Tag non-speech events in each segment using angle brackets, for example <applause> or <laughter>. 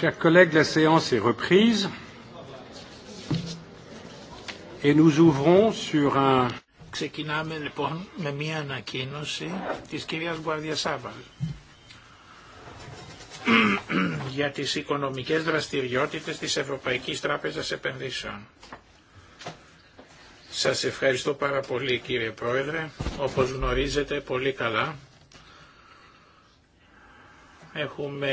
Chers collègues, la séance est reprise et nous ouvrons sur un. Ξεκινάμε λοιπόν με μια ανακοίνωση της κυρίας Γκουάρδια για τις οικονομικές δραστηριότητες της Ευρωπαϊκής Τράπεζας Επενδύσεων. Σας ευχαριστώ πάρα πολύ κύριε Πρόεδρε, όπως γνωρίζετε πολύ καλά. Έχουμε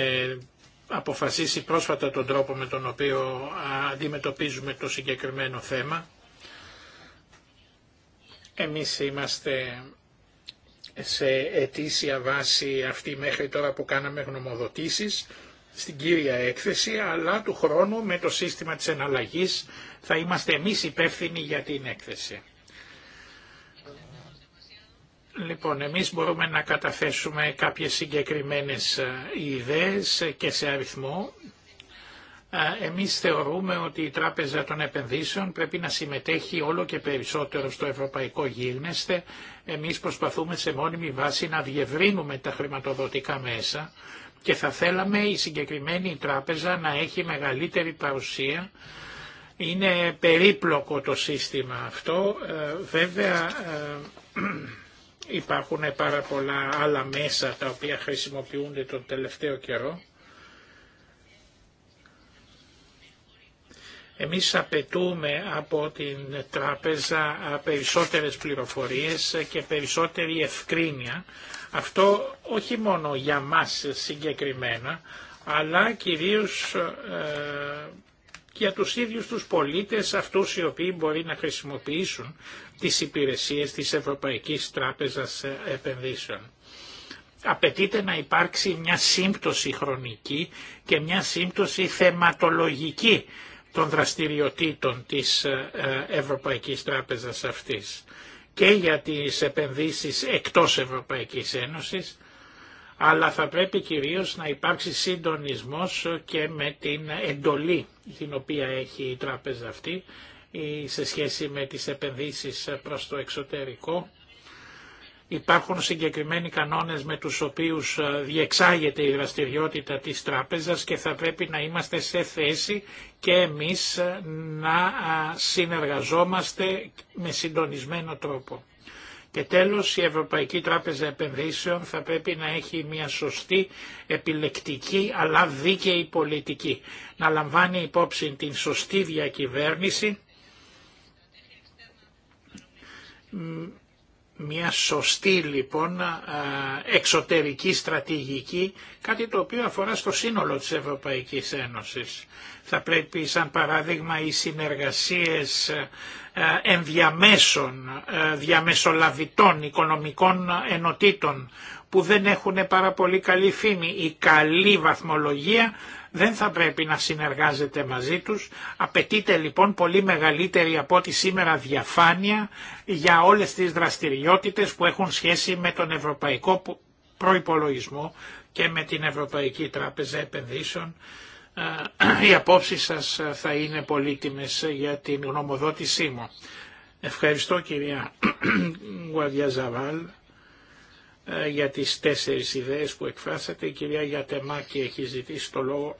αποφασίσει πρόσφατα τον τρόπο με τον οποίο αντιμετωπίζουμε το συγκεκριμένο θέμα. Εμείς είμαστε σε ετήσια βάση αυτή μέχρι τώρα που κάναμε γνωμοδοτήσεις στην κύρια έκθεση, αλλά του χρόνου με το σύστημα της εναλλαγής θα είμαστε εμείς υπεύθυνοι για την έκθεση. Λοιπόν, εμείς μπορούμε να καταθέσουμε κάποιες συγκεκριμένες ε, ιδέες και σε αριθμό. Ε, εμείς θεωρούμε ότι η Τράπεζα των Επενδύσεων πρέπει να συμμετέχει όλο και περισσότερο στο ευρωπαϊκό γίγνεσθε. Εμείς προσπαθούμε σε μόνιμη βάση να διευρύνουμε τα χρηματοδοτικά μέσα και θα θέλαμε η συγκεκριμένη τράπεζα να έχει μεγαλύτερη παρουσία. Είναι περίπλοκο το σύστημα αυτό. Ε, βέβαια, Υπάρχουν πάρα πολλά άλλα μέσα τα οποία χρησιμοποιούνται τον τελευταίο καιρό. Εμείς απαιτούμε από την τράπεζα περισσότερες πληροφορίες και περισσότερη ευκρίνεια. Αυτό όχι μόνο για μας συγκεκριμένα, αλλά κυρίως ε, και για τους ίδιους τους πολίτες αυτούς οι οποίοι μπορεί να χρησιμοποιήσουν τις υπηρεσίες της Ευρωπαϊκής Τράπεζας ε, Επενδύσεων. Απαιτείται να υπάρξει μια σύμπτωση χρονική και μια σύμπτωση θεματολογική των δραστηριοτήτων της ε, ε, Ευρωπαϊκής Τράπεζας αυτής και για τις επενδύσεις εκτός Ευρωπαϊκής Ένωσης αλλά θα πρέπει κυρίως να υπάρξει συντονισμός και με την εντολή την οποία έχει η τράπεζα αυτή σε σχέση με τις επενδύσεις προς το εξωτερικό. Υπάρχουν συγκεκριμένοι κανόνες με τους οποίους διεξάγεται η δραστηριότητα της τράπεζας και θα πρέπει να είμαστε σε θέση και εμείς να συνεργαζόμαστε με συντονισμένο τρόπο. Και τέλος η Ευρωπαϊκή Τράπεζα Επενδύσεων θα πρέπει να έχει μια σωστή επιλεκτική αλλά δίκαιη πολιτική. Να λαμβάνει υπόψη την σωστή διακυβέρνηση, μια σωστή λοιπόν εξωτερική στρατηγική, κάτι το οποίο αφορά στο σύνολο της Ευρωπαϊκής Ένωσης. Θα πρέπει σαν παράδειγμα οι συνεργασίες ε, ενδιαμέσων, ε, διαμεσολαβητών, οικονομικών ενοτήτων που δεν έχουν πάρα πολύ καλή φήμη. Η καλή βαθμολογία δεν θα πρέπει να συνεργάζεται μαζί τους. Απαιτείται λοιπόν πολύ μεγαλύτερη από ό,τι σήμερα διαφάνεια για όλες τις δραστηριότητες που έχουν σχέση με τον ευρωπαϊκό προϋπολογισμό και με την Ευρωπαϊκή Τράπεζα Επενδύσεων ε, <clears throat> οι απόψει σας θα είναι πολύτιμε για την γνωμοδότησή μου. Ευχαριστώ κυρία <clears throat> Γουαδιαζαβάλ ε, για τις τέσσερις ιδέες που εκφράσατε. Η κυρία Γιατεμάκη έχει ζητήσει το λόγο.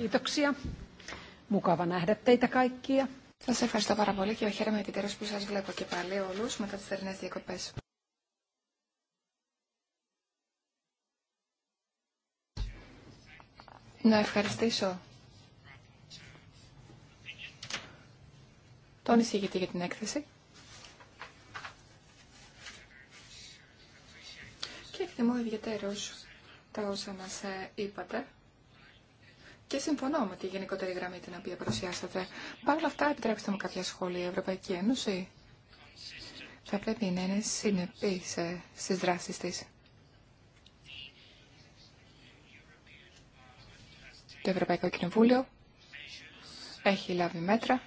Kiitoksia. <clears throat> να τα Σας ευχαριστώ πάρα πολύ και χαίρομαι επιτέλους που σα βλέπω και πάλι όλου μετά τι θερινές διακοπές. Να ευχαριστήσω τον εισηγητή για την έκθεση. Και εκτιμώ ιδιαίτερως τα όσα μας ε, είπατε. Και συμφωνώ με τη γενικότερη γραμμή την οποία παρουσιάσατε. Παρ' όλα αυτά, επιτρέψτε μου κάποια σχόλια. Η Ευρωπαϊκή Ένωση θα πρέπει να είναι συνεπή ε, στις δράσεις της. Το Ευρωπαϊκό Κοινοβούλιο έχει λάβει μέτρα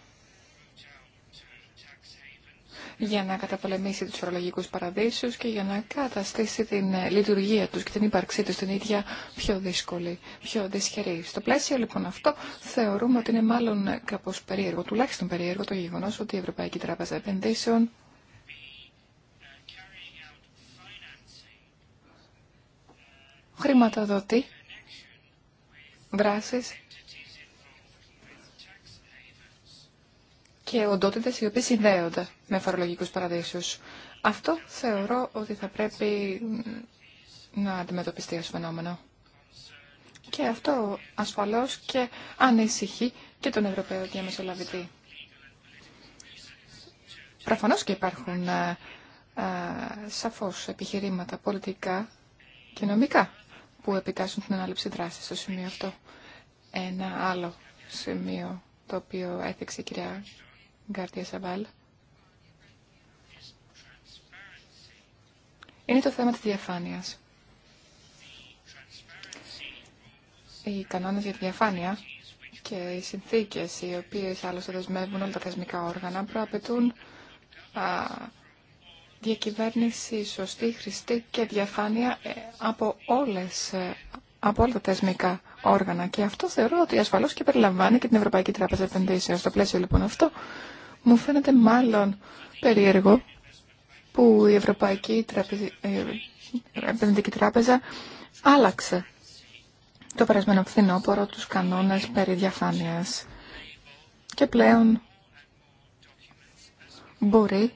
για να καταπολεμήσει τους φορολογικούς παραδείσους και για να καταστήσει την λειτουργία τους και την ύπαρξή τους την ίδια πιο δύσκολη, πιο δυσχερή. Στο πλαίσιο λοιπόν αυτό θεωρούμε ότι είναι μάλλον κάπως περίεργο, τουλάχιστον περίεργο το γεγονός ότι η Ευρωπαϊκή Τράπεζα Επενδύσεων χρηματοδοτεί δράσεις και οντότητες οι οποίες συνδέονται με φορολογικούς παραδείσους. Αυτό θεωρώ ότι θα πρέπει να αντιμετωπιστεί ως φαινόμενο. Και αυτό ασφαλώς και ανησυχεί και τον Ευρωπαίο Διαμεσολαβητή. Προφανώς και υπάρχουν α, ε, α, ε, σαφώς επιχειρήματα πολιτικά και νομικά που επιτάσσουν την ανάληψη δράση στο σημείο αυτό. Ένα άλλο σημείο το οποίο έθιξε η κυρία Γκάρτια Σαμπάλ, είναι το θέμα της διαφάνειας. Οι κανόνες για τη διαφάνεια και οι συνθήκες οι οποίες άλλωστε δεσμεύουν όλα τα θεσμικά όργανα προαπαιτούν διακυβέρνηση σωστή, χρηστή και διαφάνεια ε, από, όλες, ε, από όλα τα θεσμικά όργανα. Και αυτό θεωρώ ότι ασφαλώς και περιλαμβάνει και την Ευρωπαϊκή Τράπεζα Επενδύσεων. Στο πλαίσιο λοιπόν αυτό μου φαίνεται μάλλον περίεργο που η Ευρωπαϊκή Τραπεζα, ε, Επενδυτική Τράπεζα άλλαξε το περασμένο φθινόπωρο τους κανόνες περί διαφάνειας. Και πλέον μπορεί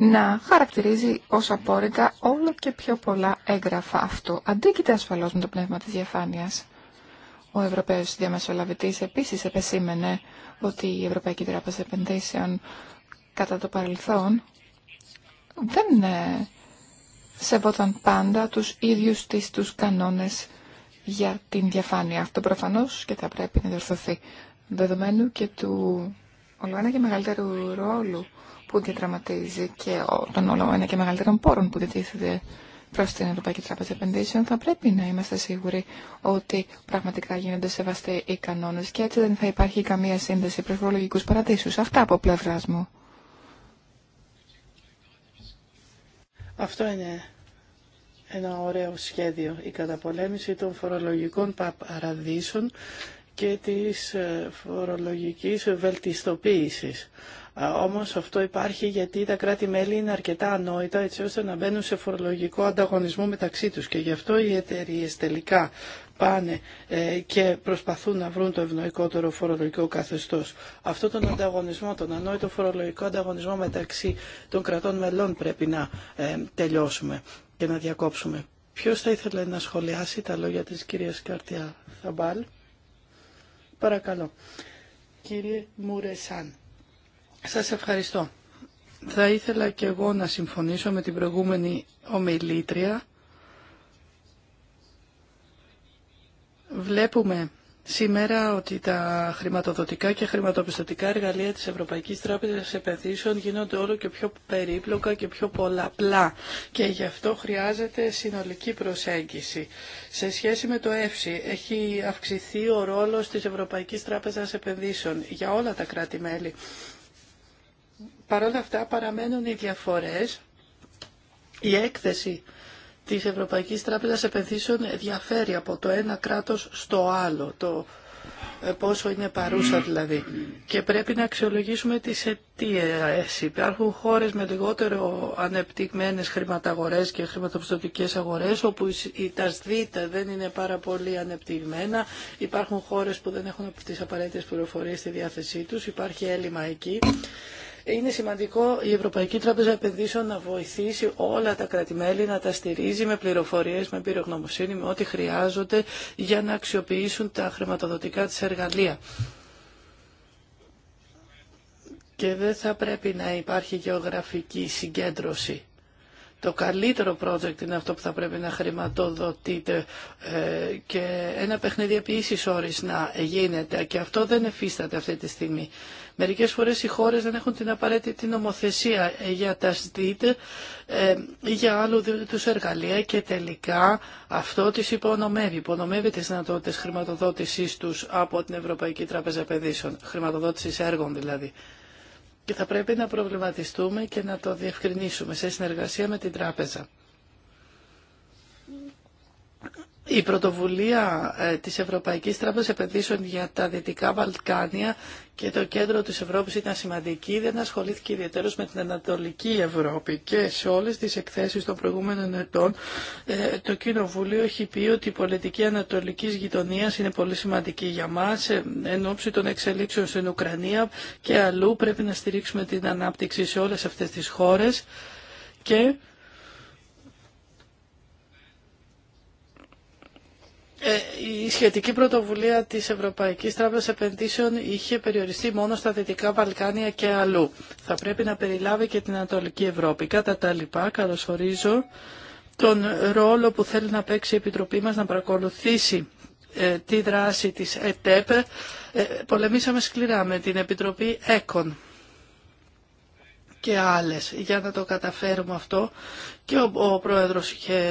να χαρακτηρίζει ως απόρριτα όλο και πιο πολλά έγγραφα. Αυτό αντίκειται ασφαλώς με το πνεύμα της διαφάνειας. Ο Ευρωπαίος Διαμεσολαβητής επίσης επεσήμενε ότι η Ευρωπαϊκή Τράπεζα Επενδύσεων κατά το παρελθόν δεν ε, σεβόταν πάντα τους ίδιους της τους κανόνες για την διαφάνεια. Αυτό προφανώς και θα πρέπει να διορθωθεί δεδομένου και του ολοένα και μεγαλύτερου ρόλου που διαδραματίζει και τον όλο ένα και μεγαλύτερων πόρων που διατίθεται προ την Ευρωπαϊκή Τράπεζα Επενδύσεων, θα πρέπει να είμαστε σίγουροι ότι πραγματικά γίνονται σεβαστοί οι κανόνε και έτσι δεν θα υπάρχει καμία σύνδεση προ φορολογικού παραδείσου. Αυτά από πλευρά μου. Αυτό είναι ένα ωραίο σχέδιο, η καταπολέμηση των φορολογικών παραδείσων και της ε, φορολογικής βελτιστοποίησης. Όμως αυτό υπάρχει γιατί τα κράτη-μέλη είναι αρκετά ανόητα έτσι ώστε να μπαίνουν σε φορολογικό ανταγωνισμό μεταξύ τους και γι' αυτό οι εταιρείε τελικά πάνε ε, και προσπαθούν να βρουν το ευνοϊκότερο φορολογικό καθεστώς. Αυτό τον ανταγωνισμό, τον ανόητο φορολογικό ανταγωνισμό μεταξύ των κρατών μελών πρέπει να ε, τελειώσουμε και να διακόψουμε. Ποιος θα ήθελε να σχολιάσει τα λόγια της κυρίας Καρτιά Θαμπάλ. Παρακαλώ. Κύριε Μουρεσάν. Σας ευχαριστώ. Θα ήθελα και εγώ να συμφωνήσω με την προηγούμενη ομιλήτρια. Βλέπουμε σήμερα ότι τα χρηματοδοτικά και χρηματοπιστωτικά εργαλεία της Ευρωπαϊκής Τράπεζας Επενδύσεων γίνονται όλο και πιο περίπλοκα και πιο πολλαπλά και γι' αυτό χρειάζεται συνολική προσέγγιση. Σε σχέση με το ΕΦΣΥ έχει αυξηθεί ο ρόλος της Ευρωπαϊκής Τράπεζας Επενδύσεων για όλα τα κράτη-μέλη Παρ' όλα αυτά παραμένουν οι διαφορές. Η έκθεση της Ευρωπαϊκής Τράπεζας Επενδύσεων διαφέρει από το ένα κράτος στο άλλο, το ε, πόσο είναι παρούσα δηλαδή. Και πρέπει να αξιολογήσουμε τις αιτίες. Υπάρχουν χώρες με λιγότερο ανεπτυγμένες χρηματαγορές και χρηματοπιστωτικές αγορές, όπου τα ΣΔΙΤΑ δεν είναι πάρα πολύ ανεπτυγμένα. Υπάρχουν χώρες που δεν έχουν τις απαραίτητες πληροφορίες στη διάθεσή τους. Υπάρχει έλλειμμα εκεί. Είναι σημαντικό η Ευρωπαϊκή Τράπεζα Επενδύσεων να βοηθήσει όλα τα κρατημέλη να τα στηρίζει με πληροφορίε, με πυρογνωμοσύνη, με ό,τι χρειάζονται για να αξιοποιήσουν τα χρηματοδοτικά τη εργαλεία. Και δεν θα πρέπει να υπάρχει γεωγραφική συγκέντρωση το καλύτερο project είναι αυτό που θα πρέπει να χρηματοδοτείται ε, και ένα παιχνίδι επί ίσης να γίνεται και αυτό δεν εφίσταται αυτή τη στιγμή. Μερικές φορές οι χώρες δεν έχουν την απαραίτητη νομοθεσία για τα ΣΔΙΤ ε, ή για άλλου τους εργαλεία και τελικά αυτό τις υπονομεύει. Υπονομεύει τις δυνατότητες χρηματοδότησής τους από την Ευρωπαϊκή Τράπεζα Επενδύσεων, χρηματοδότησης έργων δηλαδή και θα πρέπει να προβληματιστούμε και να το διευκρινίσουμε σε συνεργασία με την τράπεζα. Η πρωτοβουλία ε, της Ευρωπαϊκής Τράπεζας Επενδύσεων για τα Δυτικά Βαλκάνια και το κέντρο της Ευρώπης ήταν σημαντική, δεν ασχολήθηκε ιδιαίτερως με την Ανατολική Ευρώπη και σε όλες τις εκθέσεις των προηγούμενων ετών ε, το Κοινοβούλιο έχει πει ότι η πολιτική ανατολικής γειτονίας είναι πολύ σημαντική για μας ε, εν ώψη των εξελίξεων στην Ουκρανία και αλλού πρέπει να στηρίξουμε την ανάπτυξη σε όλες αυτές τις χώρες και Ε, η σχετική πρωτοβουλία της Ευρωπαϊκής Τράπεζας Επενδύσεων είχε περιοριστεί μόνο στα Δυτικά Βαλκάνια και αλλού. Θα πρέπει να περιλάβει και την Ανατολική Ευρώπη. Κατά τα λοιπά, καλωσορίζω τον ρόλο που θέλει να παίξει η Επιτροπή μας να παρακολουθήσει ε, τη δράση της ΕΤΕΠ. Ε, πολεμήσαμε σκληρά με την Επιτροπή ΕΚΟΝ και άλλες για να το καταφέρουμε αυτό και ο, ο Πρόεδρος είχε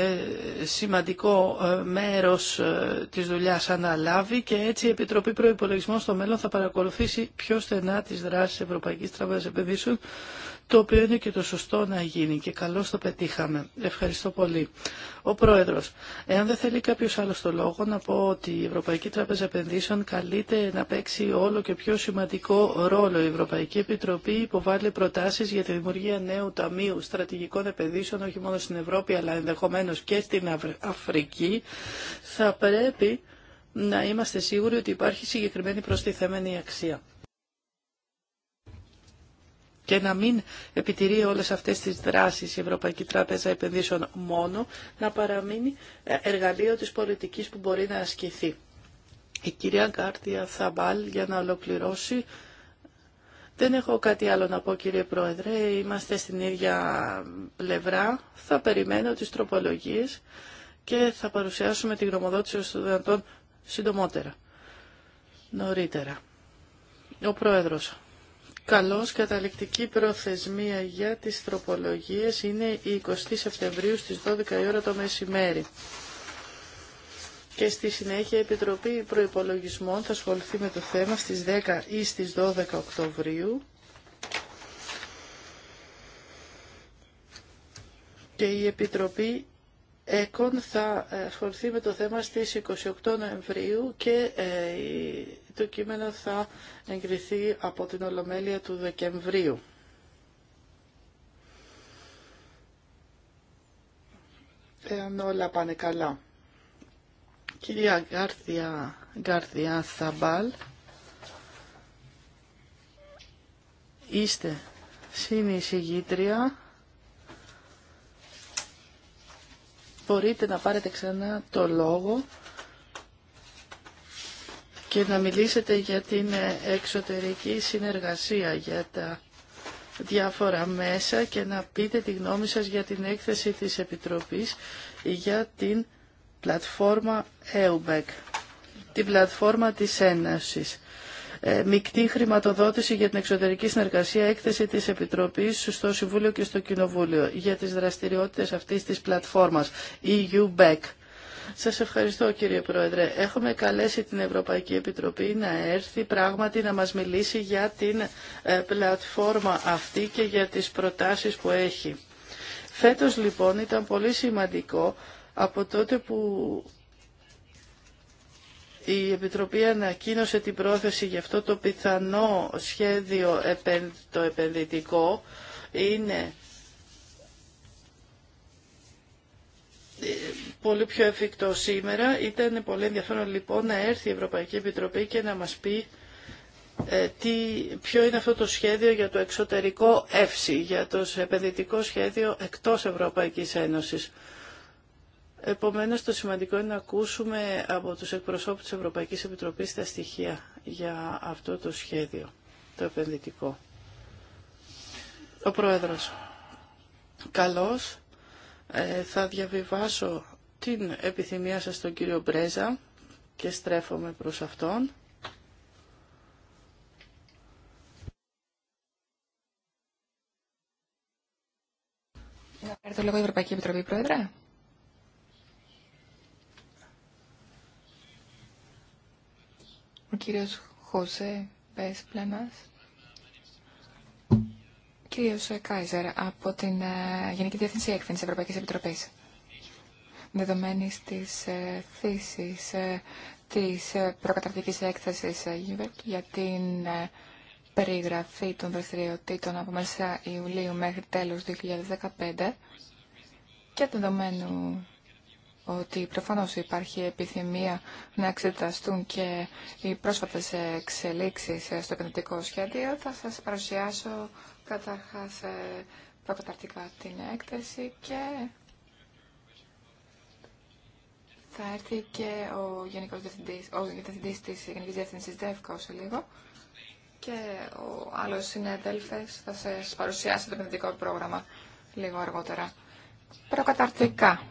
σημαντικό ε, μέρος ε, της δουλειάς αναλάβει και έτσι η Επιτροπή Προϋπολογισμών στο μέλλον θα παρακολουθήσει πιο στενά τις δράσεις Ευρωπαϊκής Τραπεζής Επενδύσεων το οποίο είναι και το σωστό να γίνει και καλώ το πετύχαμε. Ευχαριστώ πολύ. Ο Πρόεδρο. εάν δεν θέλει κάποιο άλλο το λόγο, να πω ότι η Ευρωπαϊκή Τράπεζα Επενδύσεων καλείται να παίξει όλο και πιο σημαντικό ρόλο. Η Ευρωπαϊκή Επιτροπή υποβάλλει προτάσει για τη δημιουργία νέου ταμείου στρατηγικών επενδύσεων, όχι μόνο στην Ευρώπη, αλλά ενδεχομένω και στην Αφρική. Θα πρέπει να είμαστε σίγουροι ότι υπάρχει συγκεκριμένη προστιθέμενη αξία και να μην επιτηρεί όλες αυτές τις δράσεις η Ευρωπαϊκή Τράπεζα Επενδύσεων μόνο, να παραμείνει ε, εργαλείο της πολιτικής που μπορεί να ασκηθεί. Η κυρία Κάρτια Θαμπάλ για να ολοκληρώσει. Δεν έχω κάτι άλλο να πω κύριε Πρόεδρε, είμαστε στην ίδια πλευρά, θα περιμένω τις τροπολογίες και θα παρουσιάσουμε τη γνωμοδότηση των δυνατόν συντομότερα, νωρίτερα. Ο Πρόεδρος. Καλώς καταληκτική προθεσμία για τις τροπολογίες είναι η 20 Σεπτεμβρίου στις 12 η ώρα το μεσημέρι. Και στη συνέχεια η Επιτροπή Προϋπολογισμών θα ασχοληθεί με το θέμα στις 10 ή στις 12 Οκτωβρίου. Και η Επιτροπή ΕΚΟΝ θα ε, ασχοληθεί με το θέμα στις 28 Νοεμβρίου και ε, το κείμενο θα εγκριθεί από την Ολομέλεια του Δεκεμβρίου. Εάν όλα πάνε καλά. Κυρία Γκάρδια, Γκάρθια Θαμπάλ, είστε συνεισηγήτρια. Μπορείτε να πάρετε ξανά το λόγο και να μιλήσετε για την εξωτερική συνεργασία, για τα διάφορα μέσα και να πείτε τη γνώμη σας για την έκθεση της Επιτροπής για την πλατφόρμα EUBEC, την πλατφόρμα της Ένωσης. Ε, μεικτή χρηματοδότηση για την εξωτερική συνεργασία, έκθεση της Επιτροπής στο Συμβούλιο και στο Κοινοβούλιο για τις δραστηριότητες αυτής της πλατφόρμας, EUBEC. Σας ευχαριστώ κύριε Πρόεδρε. Έχουμε καλέσει την Ευρωπαϊκή Επιτροπή να έρθει πράγματι να μας μιλήσει για την ε, πλατφόρμα αυτή και για τις προτάσεις που έχει. Φέτος λοιπόν ήταν πολύ σημαντικό από τότε που η Επιτροπή ανακοίνωσε την πρόθεση για αυτό το πιθανό σχέδιο το επενδυτικό είναι πολύ πιο εφικτό σήμερα. Ήταν πολύ ενδιαφέρον λοιπόν να έρθει η Ευρωπαϊκή Επιτροπή και να μας πει ε, τι, ποιο είναι αυτό το σχέδιο για το εξωτερικό εύση, για το επενδυτικό σχέδιο εκτός Ευρωπαϊκής Ένωσης. Επομένως, το σημαντικό είναι να ακούσουμε από τους εκπροσώπους της Ευρωπαϊκής Επιτροπής τα στοιχεία για αυτό το σχέδιο, το επενδυτικό. Ο Πρόεδρος. Καλώς. Ε, θα διαβιβάσω την επιθυμία σας στον κύριο Μπρέζα και στρέφομαι προς αυτόν. Να πάρει το λόγο η Ευρωπαϊκή Επιτροπή, Πρόεδρε. Ο κύριος Χωσέ Πες κύριος Κάιζερ από την ε, Γενική Διεθνή Έκθεση Ευρωπαϊκής Επιτροπής. δεδομένη της ε, τη ε, ε έκθεση ε, για την περιγραφή των δραστηριοτήτων από μέσα Ιουλίου μέχρι τέλος 2015 και δεδομένου ότι προφανώς υπάρχει επιθυμία να εξεταστούν και οι πρόσφατες εξελίξεις στο επενδυτικό σχέδιο, θα σα παρουσιάσω καταρχάς ε, προκαταρτικά την έκθεση και θα έρθει και ο Γενικός Διευθυντής, ο Διευθυντής της Γενικής Διεύθυνσης ΔΕΦΚΑ σε λίγο και ο άλλος συνέδελφες θα σας παρουσιάσει το παιδιτικό πρόγραμμα λίγο αργότερα. Προκαταρτικά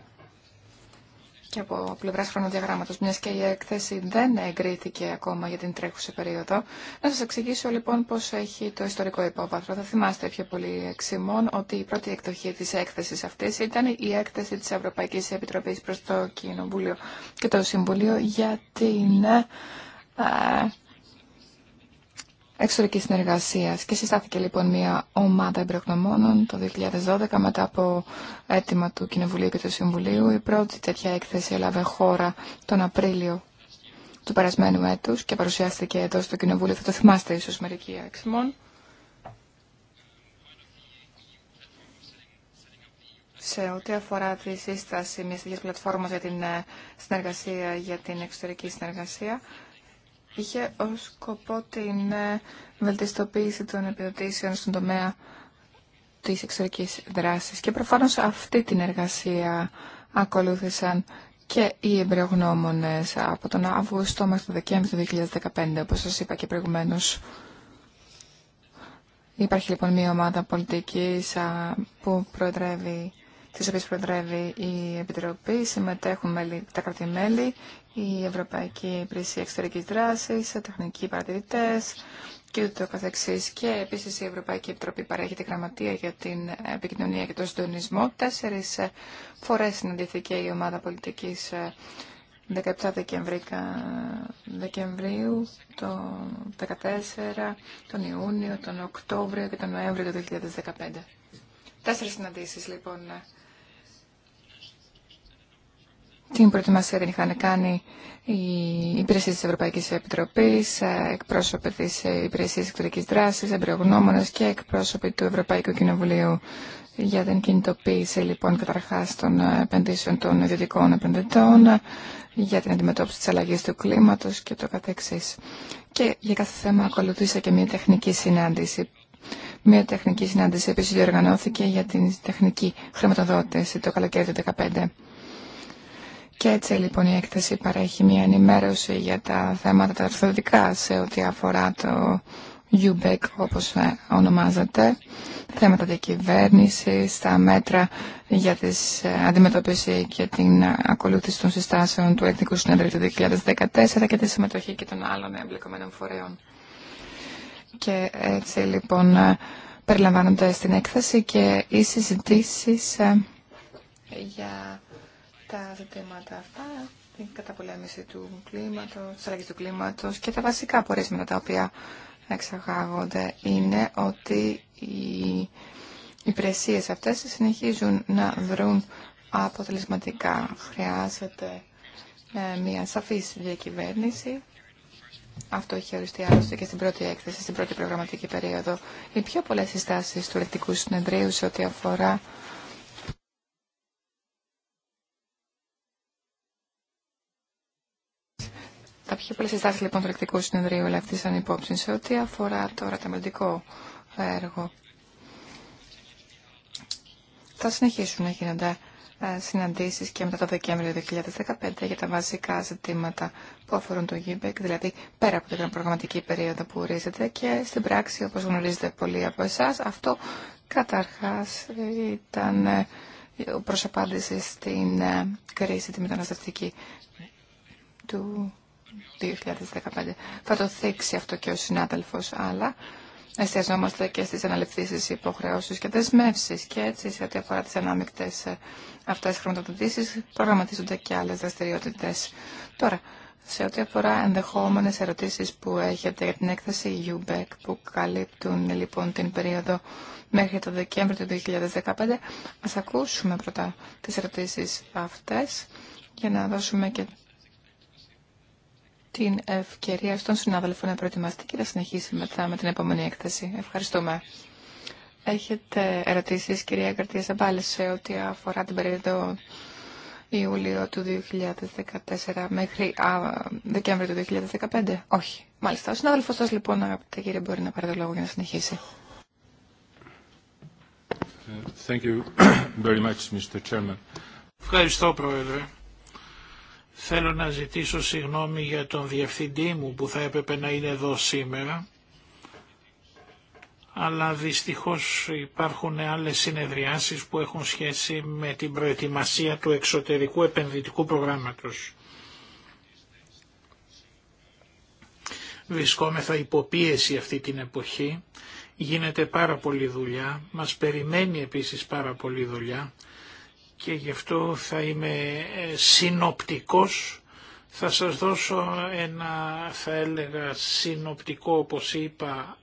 και από πλευρά χρονοδιαγράμματο, μια και η έκθεση δεν εγκρίθηκε ακόμα για την τρέχουσα περίοδο. Να σα εξηγήσω λοιπόν πώ έχει το ιστορικό υπόβαθρο. Θα θυμάστε πιο πολύ εξημών ότι η πρώτη εκδοχή τη έκθεση αυτή ήταν η έκθεση τη Ευρωπαϊκή Επιτροπή προ το Κοινοβούλιο και το Συμβούλιο για την ε, εξωτερική συνεργασία. και συστάθηκε λοιπόν μια ομάδα εμπειρογνωμόνων το 2012 μετά από αίτημα του Κοινοβουλίου και του Συμβουλίου. Η πρώτη τέτοια έκθεση έλαβε χώρα τον Απρίλιο του περασμένου έτου και παρουσιάστηκε εδώ στο Κοινοβούλιο. Θα το θυμάστε ίσω μερικοί αξιμών. σε ό,τι αφορά τη σύσταση μια τέτοια πλατφόρμα για την ε, συνεργασία, για την εξωτερική συνεργασία είχε ως σκοπό την ε, βελτιστοποίηση των επιδοτήσεων στον τομέα της εξωτερικής δράσης και προφανώς αυτή την εργασία ακολούθησαν και οι εμπειρογνώμονες από τον Αύγουστο μέχρι τον Δεκέμβριο του 2015, όπως σας είπα και προηγουμένως. Υπάρχει λοιπόν μια ομάδα πολιτικής που προεδρεύει τις οποίε προεδρεύει η Επιτροπή. Συμμετέχουν μέλη, τα κρατημέλη, η Ευρωπαϊκή Υπηρεσία Εξωτερικής Δράσης, τεχνικοί παρατηρητές και ούτω καθεξής. Και επίσης η Ευρωπαϊκή Επιτροπή παρέχει τη γραμματεία για την επικοινωνία και τον συντονισμό. Τέσσερι φορέ συναντήθηκε η ομάδα πολιτικής 17 ε, Δεκεμβρίου, τον 14, τον Ιούνιο, τον Οκτώβριο και τον Νοέμβριο του 2015. Τέσσερις συναντήσεις λοιπόν την προετοιμασία την είχαν κάνει οι υπηρεσίε τη Ευρωπαϊκή Επιτροπή, ε, εκπρόσωποι τη Υπηρεσία Εκτορική Δράση, εμπειρογνώμονε και εκπρόσωποι του Ευρωπαϊκού Κοινοβουλίου για την κινητοποίηση λοιπόν καταρχά των επενδύσεων των ιδιωτικών επενδυτών, για την αντιμετώπιση τη αλλαγή του κλίματο και το καθεξή. Και για κάθε θέμα ακολουθήσα και μια τεχνική συνάντηση. Μια τεχνική συνάντηση επίση διοργανώθηκε για την τεχνική χρηματοδότηση το καλοκαίρι του 2015. Και έτσι λοιπόν η έκθεση παρέχει μια ενημέρωση για τα θέματα τα αρθρωτικά σε ό,τι αφορά το UBEC όπως ε, ονομάζεται, θέματα διακυβέρνησης, τα μέτρα για την ε, αντιμετώπιση και την ακολούθηση των συστάσεων του Εθνικού Συνέδριου του 2014 και τη συμμετοχή και των άλλων εμπλεκομένων φορέων. Και έτσι λοιπόν ε, περιλαμβάνονται στην έκθεση και οι συζητήσει για τα ζητήματα αυτά, την καταπολέμηση του κλίματος, τη αλλαγή του κλίματος και τα βασικά πορίσματα τα οποία εξαγάγονται είναι ότι οι υπηρεσίε αυτές συνεχίζουν να δρουν αποτελεσματικά. Χρειάζεται ε, μια σαφή διακυβέρνηση. Αυτό έχει οριστεί άλλωστε και στην πρώτη έκθεση, στην πρώτη προγραμματική περίοδο. Οι πιο πολλές συστάσεις του Ελεκτικού Συνεδρίου σε ό,τι αφορά Τα πιο πολλέ συστάσεις λοιπόν του ελεκτικού συνεδρίου λεφτήσαν υπόψη σε ό,τι αφορά τώρα το μελλοντικό έργο. Θα συνεχίσουν να γίνονται ε, συναντήσεις και μετά το Δεκέμβριο 2015 για τα βασικά ζητήματα που αφορούν το ΓΙΜΠΕΚ, δηλαδή πέρα από την προγραμματική περίοδο που ορίζεται και στην πράξη, όπως γνωρίζετε πολλοί από εσάς, αυτό καταρχάς ήταν ε, προς απάντηση στην ε, κρίση τη μεταναστευτική του 2015. Θα το θίξει αυτό και ο συνάδελφο, αλλά εστιαζόμαστε και στι αναληφθήσεις υποχρεώσει και δεσμεύσει, και έτσι σε ό,τι αφορά τις ανάμεικτες ε, αυτές χρηματοδοτήσεις προγραμματίζονται και άλλε δραστηριότητε. Τώρα, σε ό,τι αφορά ενδεχόμενε ερωτήσει που έχετε για την έκθεση UBEC που καλύπτουν λοιπόν την περίοδο μέχρι το Δεκέμβριο του 2015, α ακούσουμε πρώτα τι ερωτήσει αυτέ για να δώσουμε και την ευκαιρία στον συνάδελφο να προετοιμαστεί και να συνεχίσει μετά με την επόμενη έκθεση. Ευχαριστούμε. Έχετε ερωτήσεις, κυρία Καρτία Σαμπάλη, σε ό,τι αφορά την περίοδο Ιούλιο του 2014 μέχρι α, Δεκέμβριο του 2015. Όχι. Μάλιστα. Ο συνάδελφο σα, λοιπόν, αγαπητέ κύριε, μπορεί να πάρει το λόγο για να συνεχίσει. Ευχαριστώ, Πρόεδρε. Θέλω να ζητήσω συγγνώμη για τον διευθυντή μου που θα έπρεπε να είναι εδώ σήμερα, αλλά δυστυχώς υπάρχουν άλλες συνεδριάσεις που έχουν σχέση με την προετοιμασία του εξωτερικού επενδυτικού προγράμματος. Βρισκόμεθα υποπίεση αυτή την εποχή, γίνεται πάρα πολύ δουλειά, μας περιμένει επίσης πάρα πολύ δουλειά και γι' αυτό θα είμαι ε, συνοπτικός. Θα σας δώσω ένα, θα έλεγα, συνοπτικό, όπως είπα,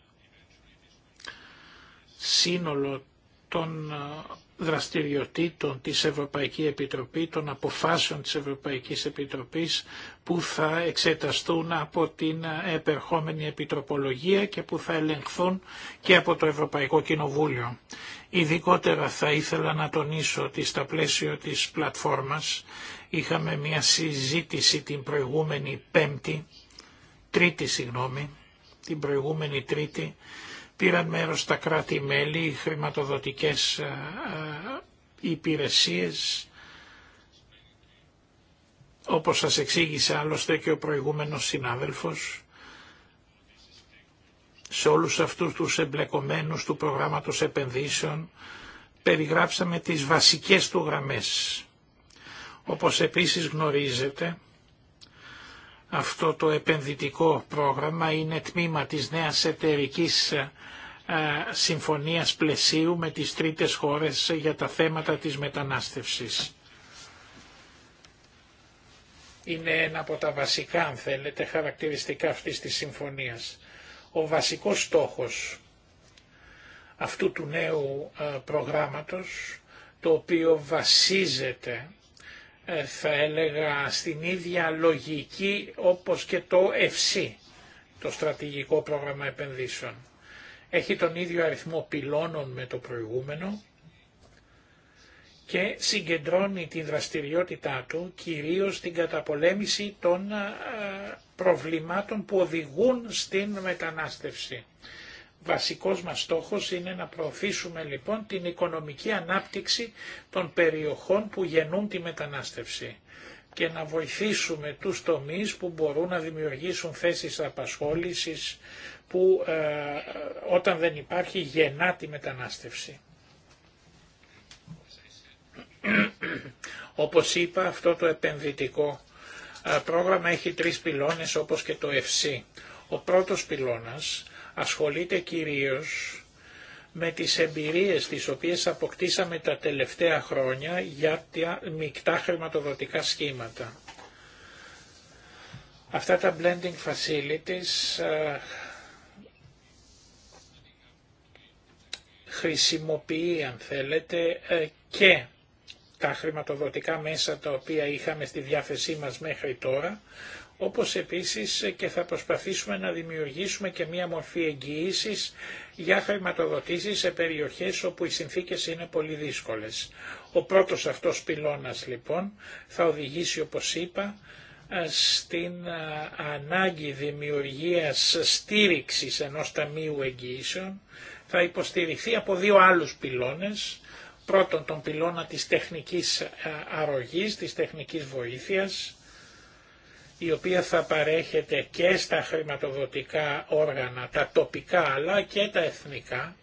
σύνολο των ε, δραστηριοτήτων της Ευρωπαϊκή Επιτροπή, των αποφάσεων της Ευρωπαϊκής Επιτροπής που θα εξεταστούν από την επερχόμενη επιτροπολογία και που θα ελεγχθούν και από το Ευρωπαϊκό Κοινοβούλιο. Ειδικότερα θα ήθελα να τονίσω ότι στα πλαίσιο της πλατφόρμας είχαμε μια συζήτηση την προηγούμενη πέμπτη, τρίτη συγγνώμη, την προηγούμενη τρίτη, πήραν μέρος τα κράτη-μέλη, οι χρηματοδοτικές ε, ε, υπηρεσίες, όπως σας εξήγησε άλλωστε και ο προηγούμενος συνάδελφος, σε όλους αυτούς τους εμπλεκομένους του προγράμματος επενδύσεων περιγράψαμε τις βασικές του γραμμές. Όπως επίσης γνωρίζετε, αυτό το επενδυτικό πρόγραμμα είναι τμήμα της νέας εταιρικής ε, συμφωνίας πλαισίου με τις τρίτες χώρες για τα θέματα της μετανάστευσης. Είναι ένα από τα βασικά, αν θέλετε, χαρακτηριστικά αυτής της συμφωνίας ο βασικός στόχος αυτού του νέου ε, προγράμματος, το οποίο βασίζεται ε, θα έλεγα στην ίδια λογική όπως και το ΕΦΣΥ, το στρατηγικό πρόγραμμα επενδύσεων. Έχει τον ίδιο αριθμό πυλώνων με το προηγούμενο και συγκεντρώνει την δραστηριότητά του κυρίως στην καταπολέμηση των ε, προβλημάτων που οδηγούν στην μετανάστευση. Βασικός μας στόχος είναι να προωθήσουμε λοιπόν την οικονομική ανάπτυξη των περιοχών που γεννούν τη μετανάστευση και να βοηθήσουμε τους τομείς που μπορούν να δημιουργήσουν θέσεις απασχόλησης που ε, όταν δεν υπάρχει γεννά τη μετανάστευση. Όπως είπα αυτό το επενδυτικό ε, πρόγραμμα έχει τρεις πυλώνες όπως και το FC. Ο πρώτος πυλώνας ασχολείται κυρίως με τις εμπειρίες τις οποίες αποκτήσαμε τα τελευταία χρόνια για τα μεικτά χρηματοδοτικά σχήματα. Αυτά τα blending facilities ε, χρησιμοποιεί αν θέλετε ε, και τα χρηματοδοτικά μέσα τα οποία είχαμε στη διάθεσή μας μέχρι τώρα, όπως επίσης και θα προσπαθήσουμε να δημιουργήσουμε και μία μορφή εγγυήσης για χρηματοδοτήσεις σε περιοχές όπου οι συνθήκες είναι πολύ δύσκολες. Ο πρώτος αυτός πυλώνας λοιπόν θα οδηγήσει όπως είπα στην ανάγκη δημιουργίας στήριξης ενός ταμείου εγγυήσεων, θα υποστηριχθεί από δύο άλλους πυλώνες, πρώτον τον πυλώνα της τεχνικής ε, αρρωγής, της τεχνικής βοήθειας, η οποία θα παρέχεται και στα χρηματοδοτικά όργανα, τα τοπικά αλλά και τα εθνικά,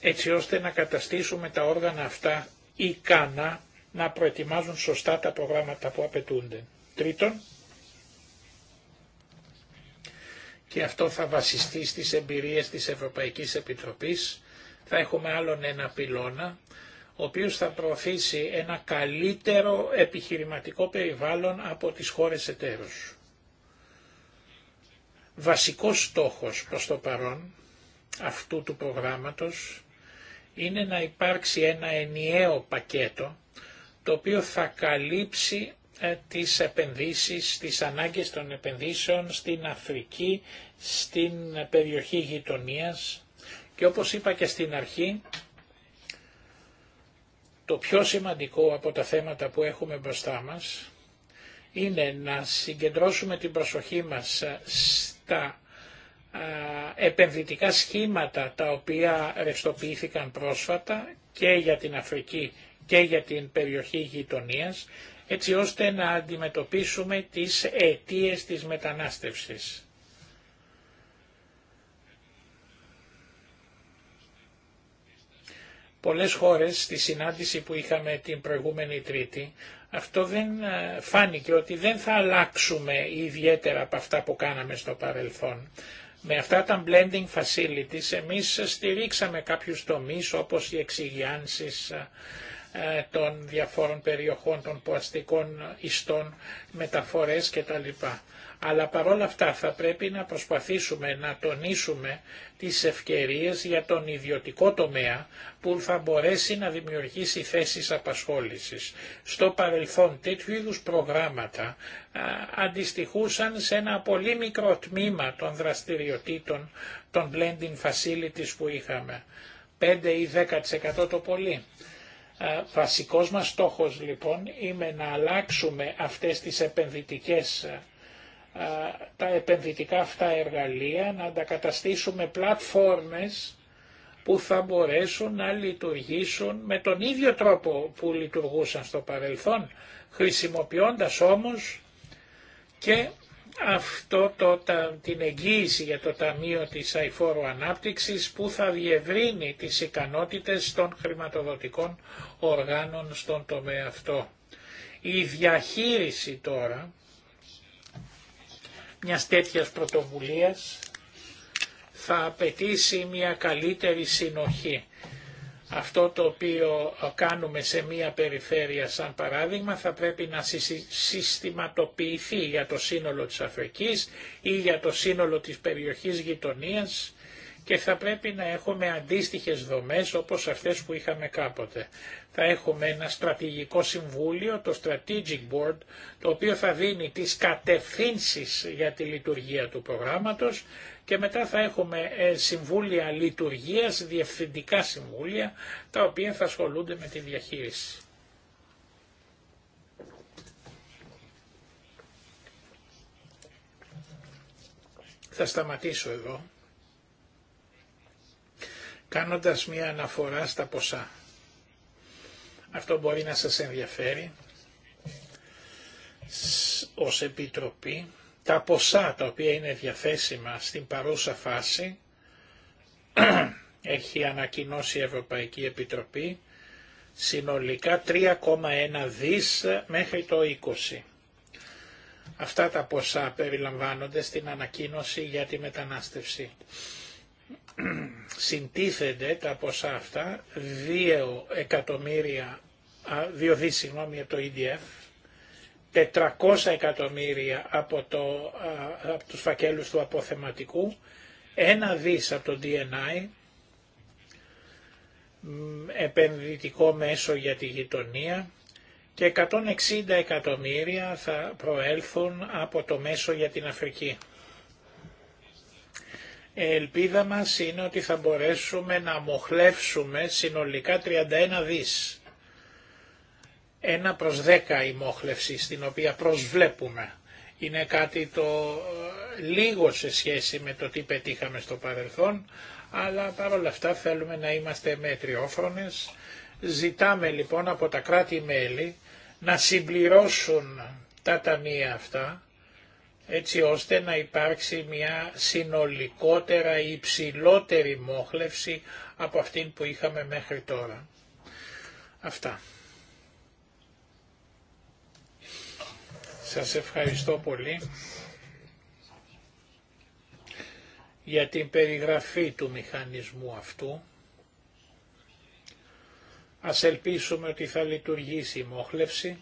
έτσι ώστε να καταστήσουμε τα όργανα αυτά ικανά να προετοιμάζουν σωστά τα προγράμματα που απαιτούνται. Τρίτον, και αυτό θα βασιστεί στις εμπειρίες της Ευρωπαϊκής Επιτροπής. Θα έχουμε άλλον ένα πυλώνα, ο οποίος θα προωθήσει ένα καλύτερο επιχειρηματικό περιβάλλον από τις χώρες εταίρους. Βασικός στόχος προς το παρόν αυτού του προγράμματος είναι να υπάρξει ένα ενιαίο πακέτο το οποίο θα καλύψει τις επενδύσεις, τις ανάγκες των επενδύσεων στην Αφρική, στην περιοχή γειτονίας και όπως είπα και στην αρχή, το πιο σημαντικό από τα θέματα που έχουμε μπροστά μας είναι να συγκεντρώσουμε την προσοχή μας στα επενδυτικά σχήματα τα οποία ρευστοποιήθηκαν πρόσφατα και για την Αφρική και για την περιοχή γειτονίας έτσι ώστε να αντιμετωπίσουμε τις αιτίες της μετανάστευσης. Πολλές χώρες στη συνάντηση που είχαμε την προηγούμενη Τρίτη, αυτό δεν ε, φάνηκε ότι δεν θα αλλάξουμε ιδιαίτερα από αυτά που κάναμε στο παρελθόν. Με αυτά τα blending facilities εμείς στηρίξαμε κάποιους τομείς όπως οι εξηγιάνσεις, ε, των διαφόρων περιοχών, των ποαστικών ιστών, μεταφορές κτλ. Αλλά παρόλα αυτά θα πρέπει να προσπαθήσουμε να τονίσουμε τις ευκαιρίες για τον ιδιωτικό τομέα που θα μπορέσει να δημιουργήσει θέσεις απασχόλησης. Στο παρελθόν τέτοιου είδους προγράμματα α, ε, αντιστοιχούσαν σε ένα πολύ μικρό τμήμα των δραστηριοτήτων των blending facilities που είχαμε. 5 ή 10% το πολύ. Ε, βασικός μας στόχος λοιπόν είναι να αλλάξουμε αυτές τις επενδυτικές, ε, ε, τα επενδυτικά αυτά εργαλεία, να τα καταστήσουμε πλατφόρμες που θα μπορέσουν να λειτουργήσουν με τον ίδιο τρόπο που λειτουργούσαν στο παρελθόν, χρησιμοποιώντας όμως και αυτό το, την εγγύηση για το Ταμείο της Αϊφόρου Ανάπτυξης που θα διευρύνει τις ικανότητες των χρηματοδοτικών οργάνων στον τομέα αυτό. Η διαχείριση τώρα μια τέτοια πρωτοβουλίας θα απαιτήσει μια καλύτερη συνοχή αυτό το οποίο κάνουμε σε μία περιφέρεια σαν παράδειγμα θα πρέπει να συστηματοποιηθεί για το σύνολο της Αφρικής ή για το σύνολο της περιοχής γειτονίας και θα πρέπει να έχουμε αντίστοιχες δομές όπως αυτές που είχαμε κάποτε. Θα έχουμε ένα στρατηγικό συμβούλιο, το Strategic Board, το οποίο θα δίνει τις κατευθύνσεις για τη λειτουργία του προγράμματος και μετά θα έχουμε ε, συμβούλια λειτουργίας, διευθυντικά συμβούλια, τα οποία θα ασχολούνται με τη διαχείριση. Θα σταματήσω εδώ κάνοντας μία αναφορά στα ποσά. Αυτό μπορεί να σας ενδιαφέρει ως Επιτροπή. Τα ποσά τα οποία είναι διαθέσιμα στην παρούσα φάση <clears throat> έχει ανακοινώσει η Ευρωπαϊκή Επιτροπή συνολικά 3,1 δις μέχρι το 20. Αυτά τα ποσά περιλαμβάνονται στην ανακοίνωση για τη μετανάστευση συντίθενται τα ποσά αυτά 2 εκατομμύρια, 2 δι συγγνώμη το EDF, 400 εκατομμύρια από, το, από τους φακέλους του αποθεματικού, ένα δις από το DNI, επενδυτικό μέσο για τη γειτονία και 160 εκατομμύρια θα προέλθουν από το μέσο για την Αφρική ελπίδα μας είναι ότι θα μπορέσουμε να μοχλεύσουμε συνολικά 31 δις. 1 προς 10 η μόχλευση στην οποία προσβλέπουμε. Είναι κάτι το ε, λίγο σε σχέση με το τι πετύχαμε στο παρελθόν, αλλά παρόλα αυτά θέλουμε να είμαστε μετριόφρονες. Ζητάμε λοιπόν από τα κράτη-μέλη να συμπληρώσουν τα ταμεία αυτά έτσι ώστε να υπάρξει μια συνολικότερα υψηλότερη μόχλευση από αυτήν που είχαμε μέχρι τώρα. Αυτά. Σας ευχαριστώ πολύ για την περιγραφή του μηχανισμού αυτού. Ας ελπίσουμε ότι θα λειτουργήσει η μόχλευση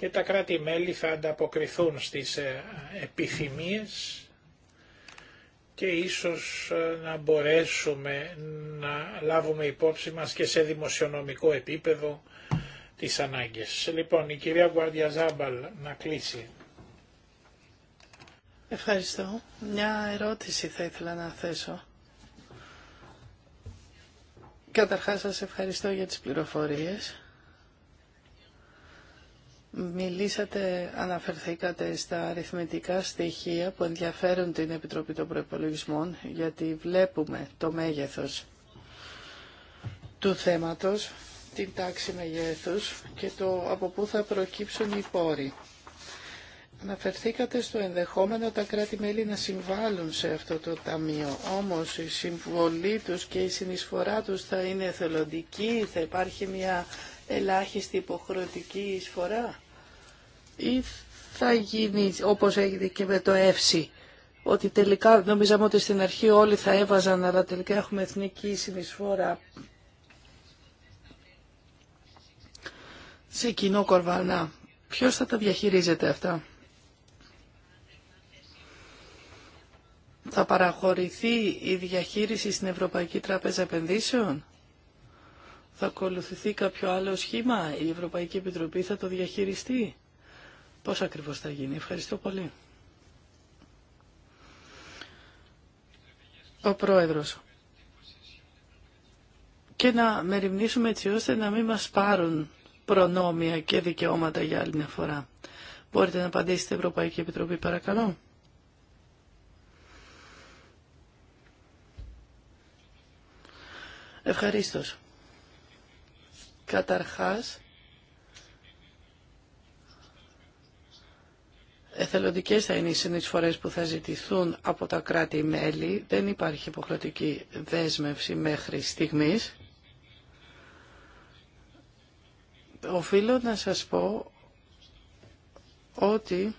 και τα κράτη-μέλη θα ανταποκριθούν στις ε, επιθυμίες και ίσως ε, να μπορέσουμε να λάβουμε υπόψη μας και σε δημοσιονομικό επίπεδο τις ανάγκες. Λοιπόν, η κυρία Ζάμπαλ να κλείσει. Ευχαριστώ. Μια ερώτηση θα ήθελα να θέσω. Καταρχάς σας ευχαριστώ για τις πληροφορίες. Μιλήσατε, αναφερθήκατε στα αριθμητικά στοιχεία που ενδιαφέρουν την Επιτροπή των Προπολογισμών, γιατί βλέπουμε το μέγεθος του θέματος, την τάξη μεγέθους και το από πού θα προκύψουν οι πόροι. Αναφερθήκατε στο ενδεχόμενο τα κράτη-μέλη να συμβάλλουν σε αυτό το ταμείο. Όμως η συμβολή τους και η συνεισφορά τους θα είναι εθελοντική, θα υπάρχει μια ελάχιστη υποχρεωτική εισφορά ή θα γίνει όπως έγινε και με το ΕΦΣΥ ότι τελικά νομίζαμε ότι στην αρχή όλοι θα έβαζαν αλλά τελικά έχουμε εθνική συνεισφόρα σε κοινό κορβανά. Ποιος θα τα διαχειρίζεται αυτά. Θα παραχωρηθεί η διαχείριση στην Ευρωπαϊκή Τράπεζα Επενδύσεων θα ακολουθηθεί κάποιο άλλο σχήμα, η Ευρωπαϊκή Επιτροπή θα το διαχειριστεί. Πώς ακριβώς θα γίνει. Ευχαριστώ πολύ. Ο Πρόεδρος. Και να μεριμνήσουμε έτσι ώστε να μην μας πάρουν προνόμια και δικαιώματα για άλλη μια φορά. Μπορείτε να απαντήσετε Ευρωπαϊκή Επιτροπή παρακαλώ. ευχαριστώ Καταρχάς, Εθελοντικέ θα είναι οι συνεισφορές που θα ζητηθούν από τα κράτη-μέλη. Δεν υπάρχει υποχρεωτική δέσμευση μέχρι στιγμής. Οφείλω να σας πω ότι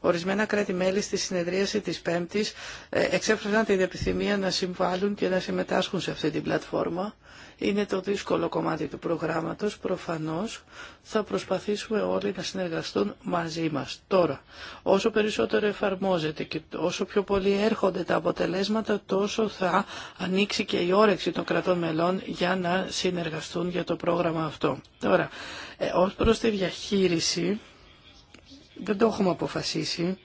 ορισμένα κράτη-μέλη στη συνεδρίαση της Πέμπτης ε, εξέφρασαν την επιθυμία να συμβάλλουν και να συμμετάσχουν σε αυτή την πλατφόρμα είναι το δύσκολο κομμάτι του προγράμματος. Προφανώς θα προσπαθήσουμε όλοι να συνεργαστούν μαζί μας. Τώρα, όσο περισσότερο εφαρμόζεται και όσο πιο πολύ έρχονται τα αποτελέσματα, τόσο θα ανοίξει και η όρεξη των κρατών μελών για να συνεργαστούν για το πρόγραμμα αυτό. Τώρα, ε, ως προς τη διαχείριση, δεν το έχουμε αποφασίσει.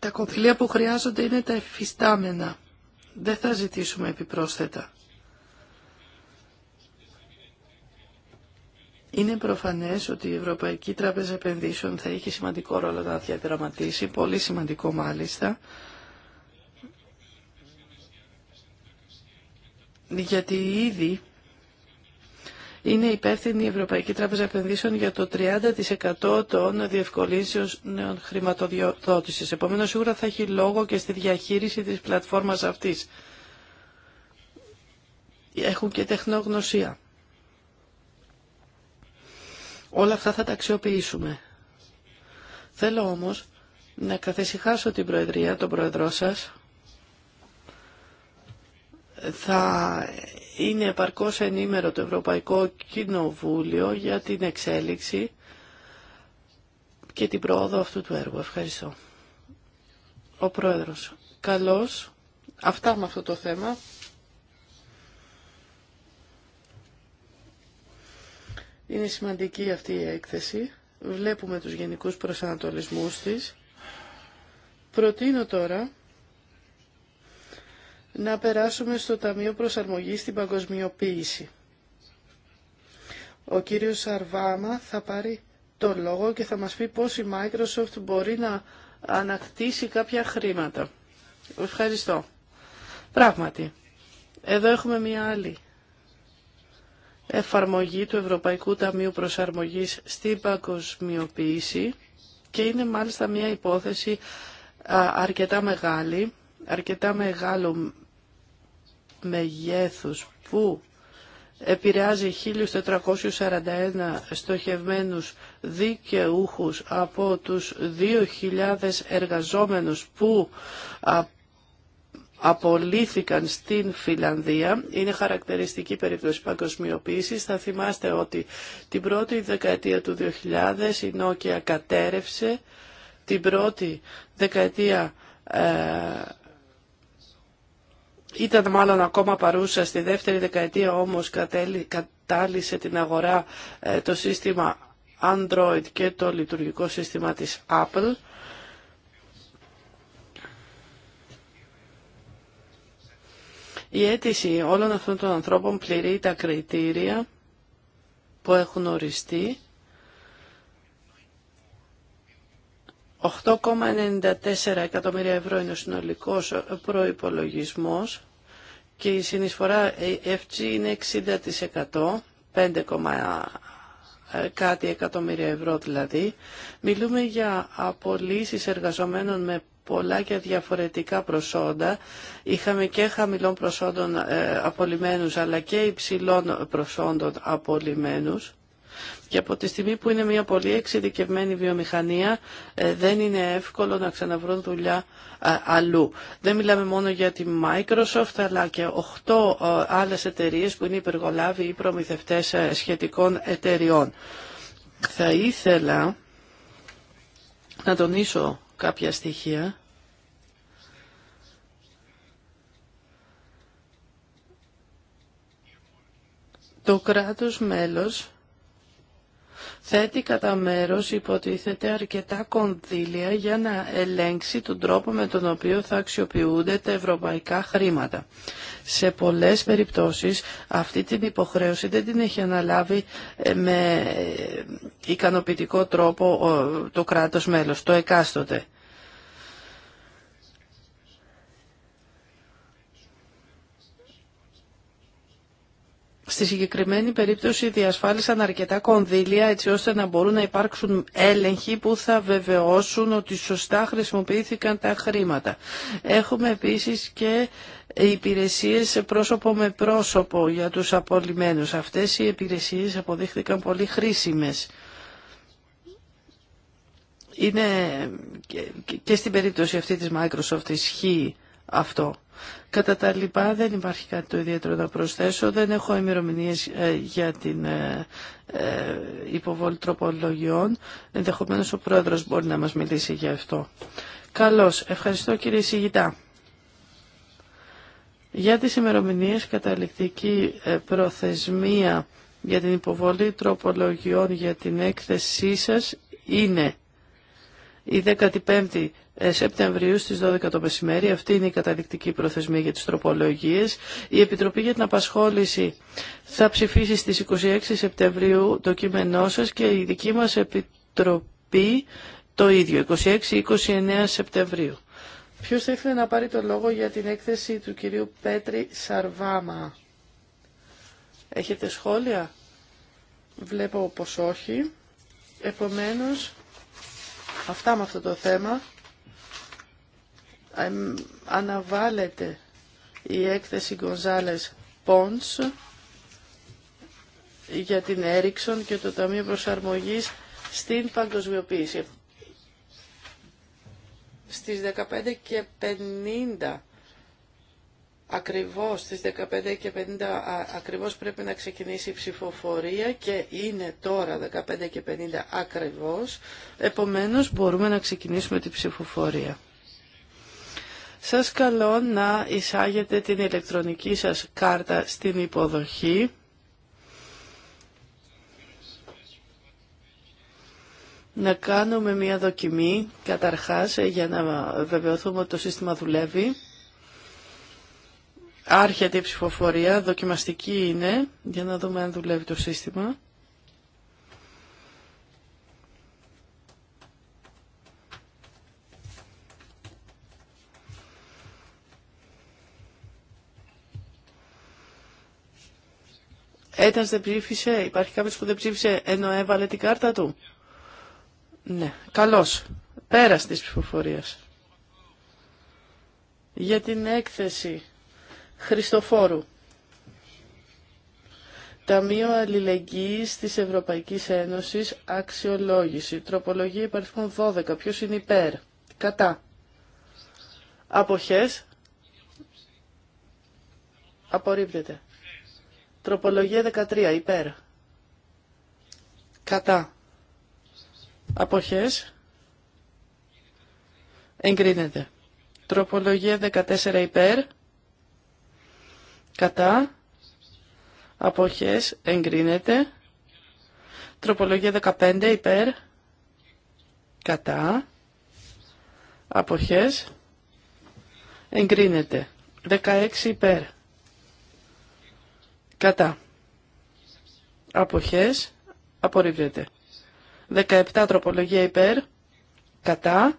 Τα κονδυλία που χρειάζονται είναι τα εφιστάμενα. Δεν θα ζητήσουμε επιπρόσθετα. Είναι προφανές ότι η Ευρωπαϊκή Τράπεζα Επενδύσεων θα έχει σημαντικό ρόλο να διαδραματίσει, πολύ σημαντικό μάλιστα, γιατί ήδη είναι υπεύθυνη η Ευρωπαϊκή Τράπεζα Επενδύσεων για το 30% των διευκολύνσεων νέων χρηματοδότησης. Επομένως, σίγουρα θα έχει λόγο και στη διαχείριση της πλατφόρμας αυτής. Έχουν και τεχνογνωσία. Όλα αυτά θα τα αξιοποιήσουμε. Θέλω όμως να καθησυχάσω την Προεδρία, τον Πρόεδρό σας, θα είναι επαρκώς ενήμερο το Ευρωπαϊκό Κοινοβούλιο για την εξέλιξη και την πρόοδο αυτού του έργου. Ευχαριστώ. Ο Πρόεδρος. Καλώς. Αυτά με αυτό το θέμα. Είναι σημαντική αυτή η έκθεση. Βλέπουμε τους γενικούς προσανατολισμούς της. Προτείνω τώρα να περάσουμε στο Ταμείο Προσαρμογής στην Παγκοσμιοποίηση. Ο κύριος Σαρβάμα θα πάρει το λόγο και θα μας πει πώς η Microsoft μπορεί να ανακτήσει κάποια χρήματα. Ευχαριστώ. Πράγματι, εδώ έχουμε μία άλλη εφαρμογή του Ευρωπαϊκού Ταμείου Προσαρμογής στην παγκοσμιοποίηση και είναι μάλιστα μία υπόθεση αρκετά μεγάλη, αρκετά μεγάλο μεγέθους που επηρεάζει 1.441 στοχευμένους δικαιούχους από τους 2.000 εργαζόμενους που απολύθηκαν στην Φιλανδία. Είναι χαρακτηριστική περίπτωση παγκοσμιοποίηση. Θα θυμάστε ότι την πρώτη δεκαετία του 2000 η Νόκια κατέρευσε, την πρώτη δεκαετία ε, ήταν μάλλον ακόμα παρούσα στη δεύτερη δεκαετία όμως κατάλυσε την αγορά ε, το σύστημα Android και το λειτουργικό σύστημα της Apple. Η αίτηση όλων αυτών των ανθρώπων πληρεί τα κριτήρια που έχουν οριστεί 8,94 εκατομμύρια ευρώ είναι ο συνολικός προϋπολογισμός και η συνεισφορά FG είναι 60%, 5, ε, κάτι εκατομμύρια ευρώ δηλαδή. Μιλούμε για απολύσεις εργαζομένων με πολλά και διαφορετικά προσόντα. Είχαμε και χαμηλών προσόντων ε, απολυμένους αλλά και υψηλών προσόντων απολυμένους. Και από τη στιγμή που είναι μια πολύ εξειδικευμένη βιομηχανία, ε, δεν είναι εύκολο να ξαναβρούν δουλειά ε, αλλού. Δεν μιλάμε μόνο για τη Microsoft, αλλά και 8 ε, άλλες εταιρείες που είναι υπεργολάβοι ή προμηθευτές σχετικών εταιριών. Θα ήθελα να τονίσω κάποια στοιχεία. Το κράτος μέλος θέτει κατά μέρος υποτίθεται αρκετά κονδύλια για να ελέγξει τον τρόπο με τον οποίο θα αξιοποιούνται τα ευρωπαϊκά χρήματα. Σε πολλές περιπτώσεις αυτή την υποχρέωση δεν την έχει αναλάβει ε, με ε, ικανοποιητικό τρόπο το κράτος μέλος, το εκάστοτε. Στη συγκεκριμένη περίπτωση διασφάλισαν αρκετά κονδύλια έτσι ώστε να μπορούν να υπάρξουν έλεγχοι που θα βεβαιώσουν ότι σωστά χρησιμοποιήθηκαν τα χρήματα. Έχουμε επίσης και υπηρεσίες πρόσωπο με πρόσωπο για τους απολυμένους. Αυτές οι υπηρεσίες αποδείχθηκαν πολύ χρήσιμες. Είναι και στην περίπτωση αυτή της Microsoft ισχύει αυτό. Κατά τα λοιπά δεν υπάρχει κάτι το ιδιαίτερο να προσθέσω. Δεν έχω ημερομηνίε ε, για την ε, ε, υποβολή τροπολογιών. Ενδεχομένω ο πρόεδρος μπορεί να μας μιλήσει για αυτό. Καλώ Ευχαριστώ κύριε Σιγητά. Για τις ημερομηνίε καταληκτική προθεσμία για την υποβολή τροπολογιών για την έκθεσή σας είναι η 15η Σεπτεμβρίου στις 12 το μεσημέρι, αυτή είναι η καταδεικτική προθεσμία για τις τροπολογίες. Η Επιτροπή για την Απασχόληση θα ψηφίσει στις 26 Σεπτεμβρίου το κείμενό σας και η δική μας Επιτροπή το ίδιο, 26-29 Σεπτεμβρίου. Ποιος θα ήθελε να πάρει το λόγο για την έκθεση του κυρίου Πέτρη Σαρβάμα. Έχετε σχόλια. Βλέπω πως όχι. Επομένως, Αυτά με αυτό το θέμα. Αναβάλλεται η έκθεση Γκονζάλες Πόντς για την Έριξον και το Ταμείο Προσαρμογής στην παγκοσμιοποίηση. Στις 15 και 50 Ακριβώς στις 15 και 50 ακριβώς πρέπει να ξεκινήσει η ψηφοφορία και είναι τώρα 15 και 50 ακριβώς. Επομένως μπορούμε να ξεκινήσουμε την ψηφοφορία. Σας καλώ να εισάγετε την ηλεκτρονική σας κάρτα στην υποδοχή. Να κάνουμε μια δοκιμή καταρχάς για να βεβαιωθούμε ότι το σύστημα δουλεύει. Άρχεται η ψηφοφορία, δοκιμαστική είναι, για να δούμε αν δουλεύει το σύστημα. Ένας δεν ψήφισε, υπάρχει κάποιος που δεν ψήφισε ενώ έβαλε την κάρτα του. Ναι, καλώς. Πέρας της ψηφοφορίας. Για την έκθεση Χριστοφόρου. Ταμείο Αλληλεγγύης της Ευρωπαϊκής Ένωσης Αξιολόγηση. Τροπολογία υπαριθμών 12. Ποιος είναι υπέρ. Κατά. Αποχές. Απορρίπτεται. Τροπολογία 13. Υπέρ. Κατά. Αποχές. Εγκρίνεται. Τροπολογία 14. Υπέρ κατά, αποχές, εγκρίνεται. Τροπολογία 15 υπέρ, κατά, αποχές, εγκρίνεται. 16 υπέρ, κατά, αποχές, απορρίβεται. 17 τροπολογία υπέρ, κατά,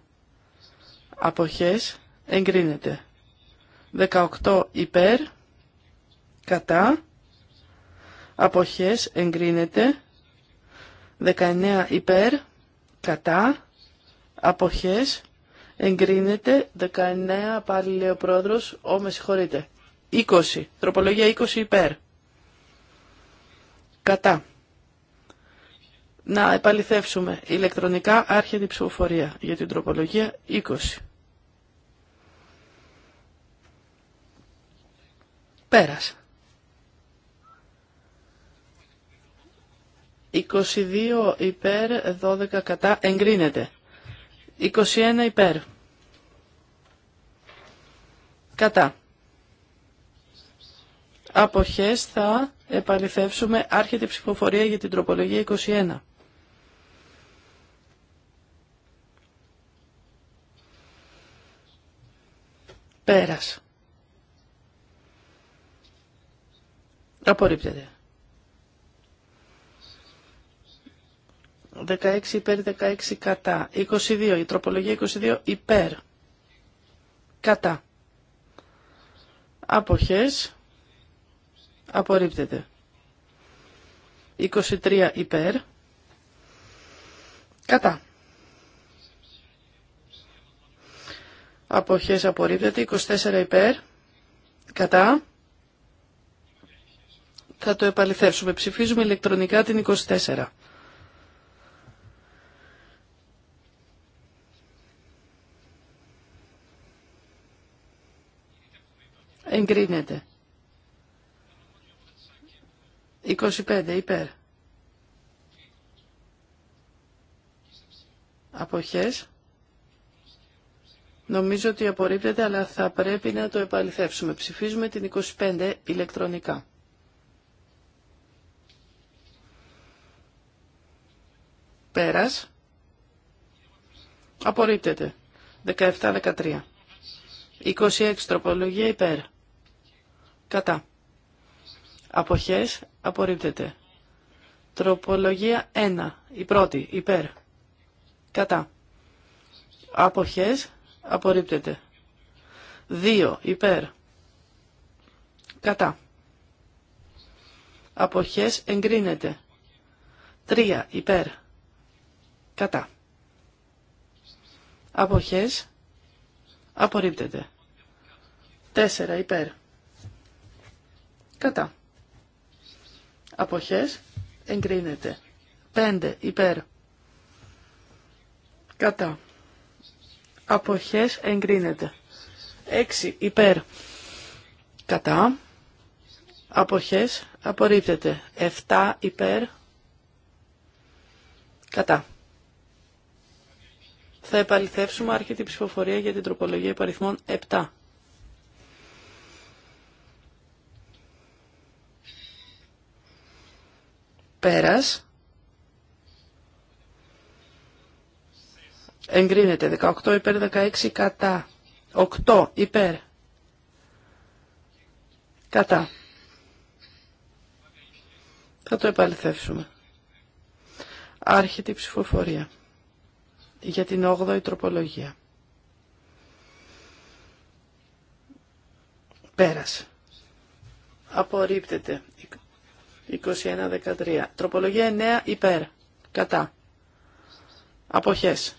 αποχές, εγκρίνεται. 18 υπέρ, κατά, αποχές εγκρίνεται, 19 υπέρ, κατά, αποχές εγκρίνεται, 19 πάλι λέει ο πρόεδρος, ο με συγχωρείτε, 20, τροπολογία 20 υπέρ, κατά. Να επαληθεύσουμε ηλεκτρονικά άρχεται η ψηφοφορία για την τροπολογία 20. Πέρασε. 22 υπέρ, 12 κατά, εγκρίνεται. 21 υπέρ. Κατά. Αποχές θα επαληθεύσουμε άρχεται ψηφοφορία για την τροπολογία 21. Πέρας. Απορρίπτεται. 16 υπέρ, 16 κατά. 22, η τροπολογία 22 υπέρ. Κατά. Αποχές. Απορρίπτεται. 23 υπέρ. Κατά. Αποχές απορρίπτεται. 24 υπέρ. Κατά. Θα το επαληθεύσουμε. Ψηφίζουμε ηλεκτρονικά την 24. εγκρίνεται. 25 υπέρ. Αποχές. Νομίζω ότι απορρίπτεται, αλλά θα πρέπει να το επαληθεύσουμε. Ψηφίζουμε την 25 ηλεκτρονικά. Πέρας. Απορρίπτεται. 17-13. 26 τροπολογία υπέρ. Κατά. Αποχές απορρίπτεται. Τροπολογία 1. Η πρώτη. Υπέρ. Κατά. Αποχές απορρίπτεται. 2. Υπέρ. Κατά. Αποχές εγκρίνεται. 3. Υπέρ. Κατά. Αποχές απορρίπτεται. 4. Υπέρ. Κατά. Αποχές. Εγκρίνεται. 5. Υπέρ. Κατά. Αποχές. Εγκρίνεται. 6. Υπέρ. Κατά. Αποχές. Απορρίπτεται. 7. Υπέρ. Κατά. Θα επαληθεύσουμε άρχιτη ψηφοφορία για την τροπολογία υπαριθμών 7. Πέρας. Εγκρίνεται 18 υπέρ 16 κατά. 8 υπέρ. Κατά. Θα το επαληθεύσουμε. Άρχεται η ψηφοφορία για την 8η τροπολογία. περας Απορρίπτεται 21-13. Τροπολογία 9 υπέρ. Κατά. Αποχές.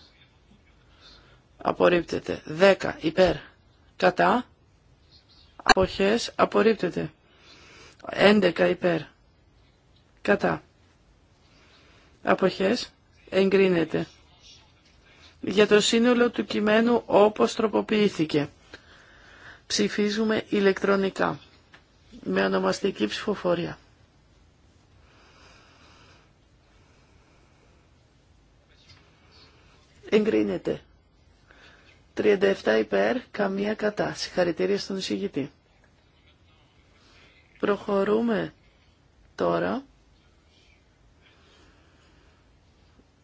Απορρίπτεται. 10 υπέρ. Κατά. Αποχές. Απορρίπτεται. 11 υπέρ. Κατά. Αποχές. Εγκρίνεται. Για το σύνολο του κειμένου όπως τροποποιήθηκε. Ψηφίζουμε ηλεκτρονικά. Με ονομαστική ψηφοφορία. Εγκρίνεται. 37 υπέρ, καμία κατά. Συγχαρητήρια στον εισηγητή. Προχωρούμε τώρα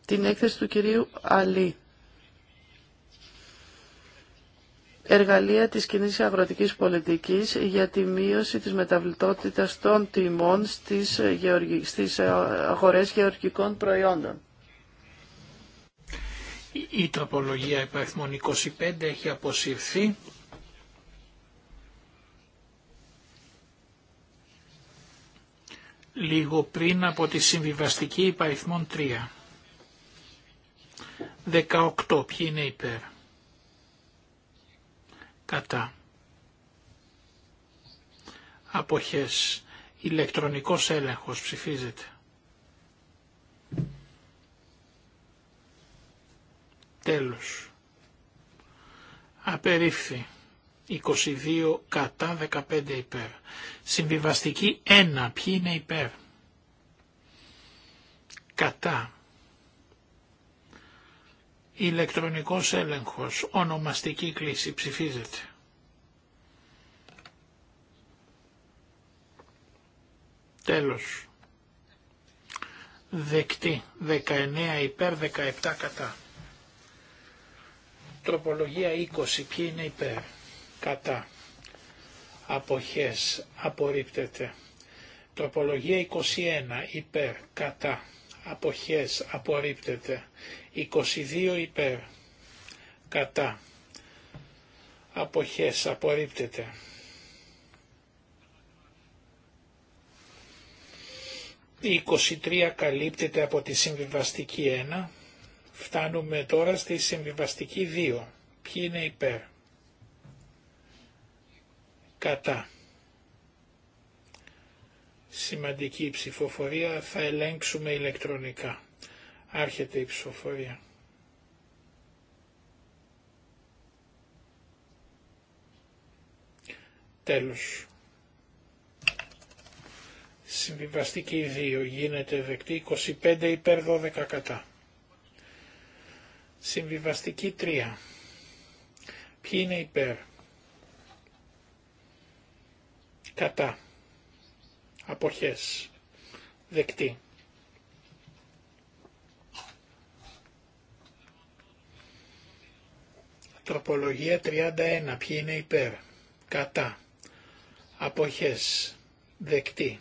την έκθεση του κυρίου Αλή. Εργαλεία της κοινή αγροτικής πολιτικής για τη μείωση της μεταβλητότητας των τιμών στις, ε, αγορές γεωργικών προϊόντων. Η τροπολογία υπαριθμών 25 έχει αποσυρθεί. Λίγο πριν από τη συμβιβαστική υπαριθμών 3. 18. Ποιοι είναι υπέρ. Κατά. Αποχές. Ηλεκτρονικός έλεγχος ψηφίζεται. Τέλος. Απερίφθη. 22 κατά 15 υπέρ. Συμβιβαστική 1. Ποιοι είναι υπέρ. Κατά. Ηλεκτρονικός έλεγχος. Ονομαστική κλίση. Ψηφίζεται. Τέλος. Δεκτή. 19 υπέρ 17 κατά. Τροπολογία 20. Ποιοι είναι υπέρ. Κατά. Αποχές. Απορρίπτεται. Τροπολογία 21. Υπέρ. Κατά. Αποχές. Απορρίπτεται. 22. Υπέρ. Κατά. Αποχές. Απορρίπτεται. Η 23 καλύπτεται από τη συμβιβαστική 1. Φτάνουμε τώρα στη συμβιβαστική 2. Ποιοι είναι υπέρ. Κατά. Σημαντική ψηφοφορία θα ελέγξουμε ηλεκτρονικά. Άρχεται η ψηφοφορία. Τέλος. Συμβιβαστική 2 γίνεται δεκτή 25 υπέρ 12 κατά. Συμβιβαστική 3. Ποιοι είναι υπέρ. Κατά. Αποχές. Δεκτή. Τροπολογία 31. Ποιοι είναι υπέρ. Κατά. Αποχές. Δεκτή.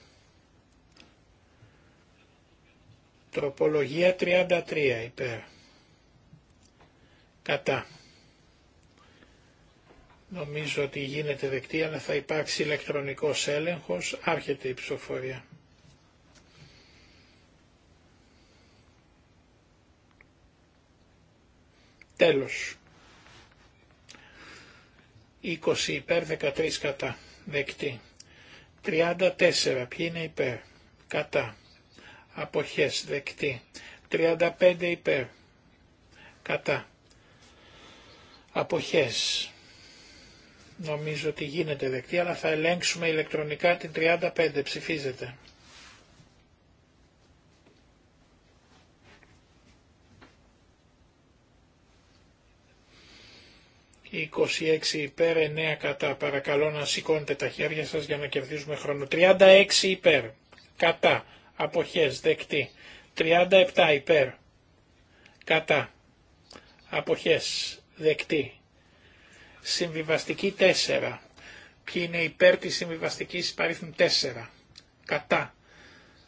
Τροπολογία 33 υπέρ. Κατά. Νομίζω ότι γίνεται δεκτή, αλλά θα υπάρξει ηλεκτρονικός έλεγχος. Άρχεται η ψηφοφορία. Τέλος. 20 υπέρ, 13 κατά. Δεκτή. 34. Ποιοι είναι υπέρ. Κατά. Αποχές. Δεκτή. 35 υπέρ. Κατά αποχές. Νομίζω ότι γίνεται δεκτή, αλλά θα ελέγξουμε ηλεκτρονικά την 35. Ψηφίζεται. 26 υπέρ, 9 κατά. Παρακαλώ να σηκώνετε τα χέρια σας για να κερδίζουμε χρόνο. 36 υπέρ, κατά. Αποχές, δεκτή. 37 υπέρ, κατά. Αποχές, δεκτή. Συμβιβαστική 4. Ποιοι είναι υπέρ της συμβιβαστικής παρήθμου 4. Κατά.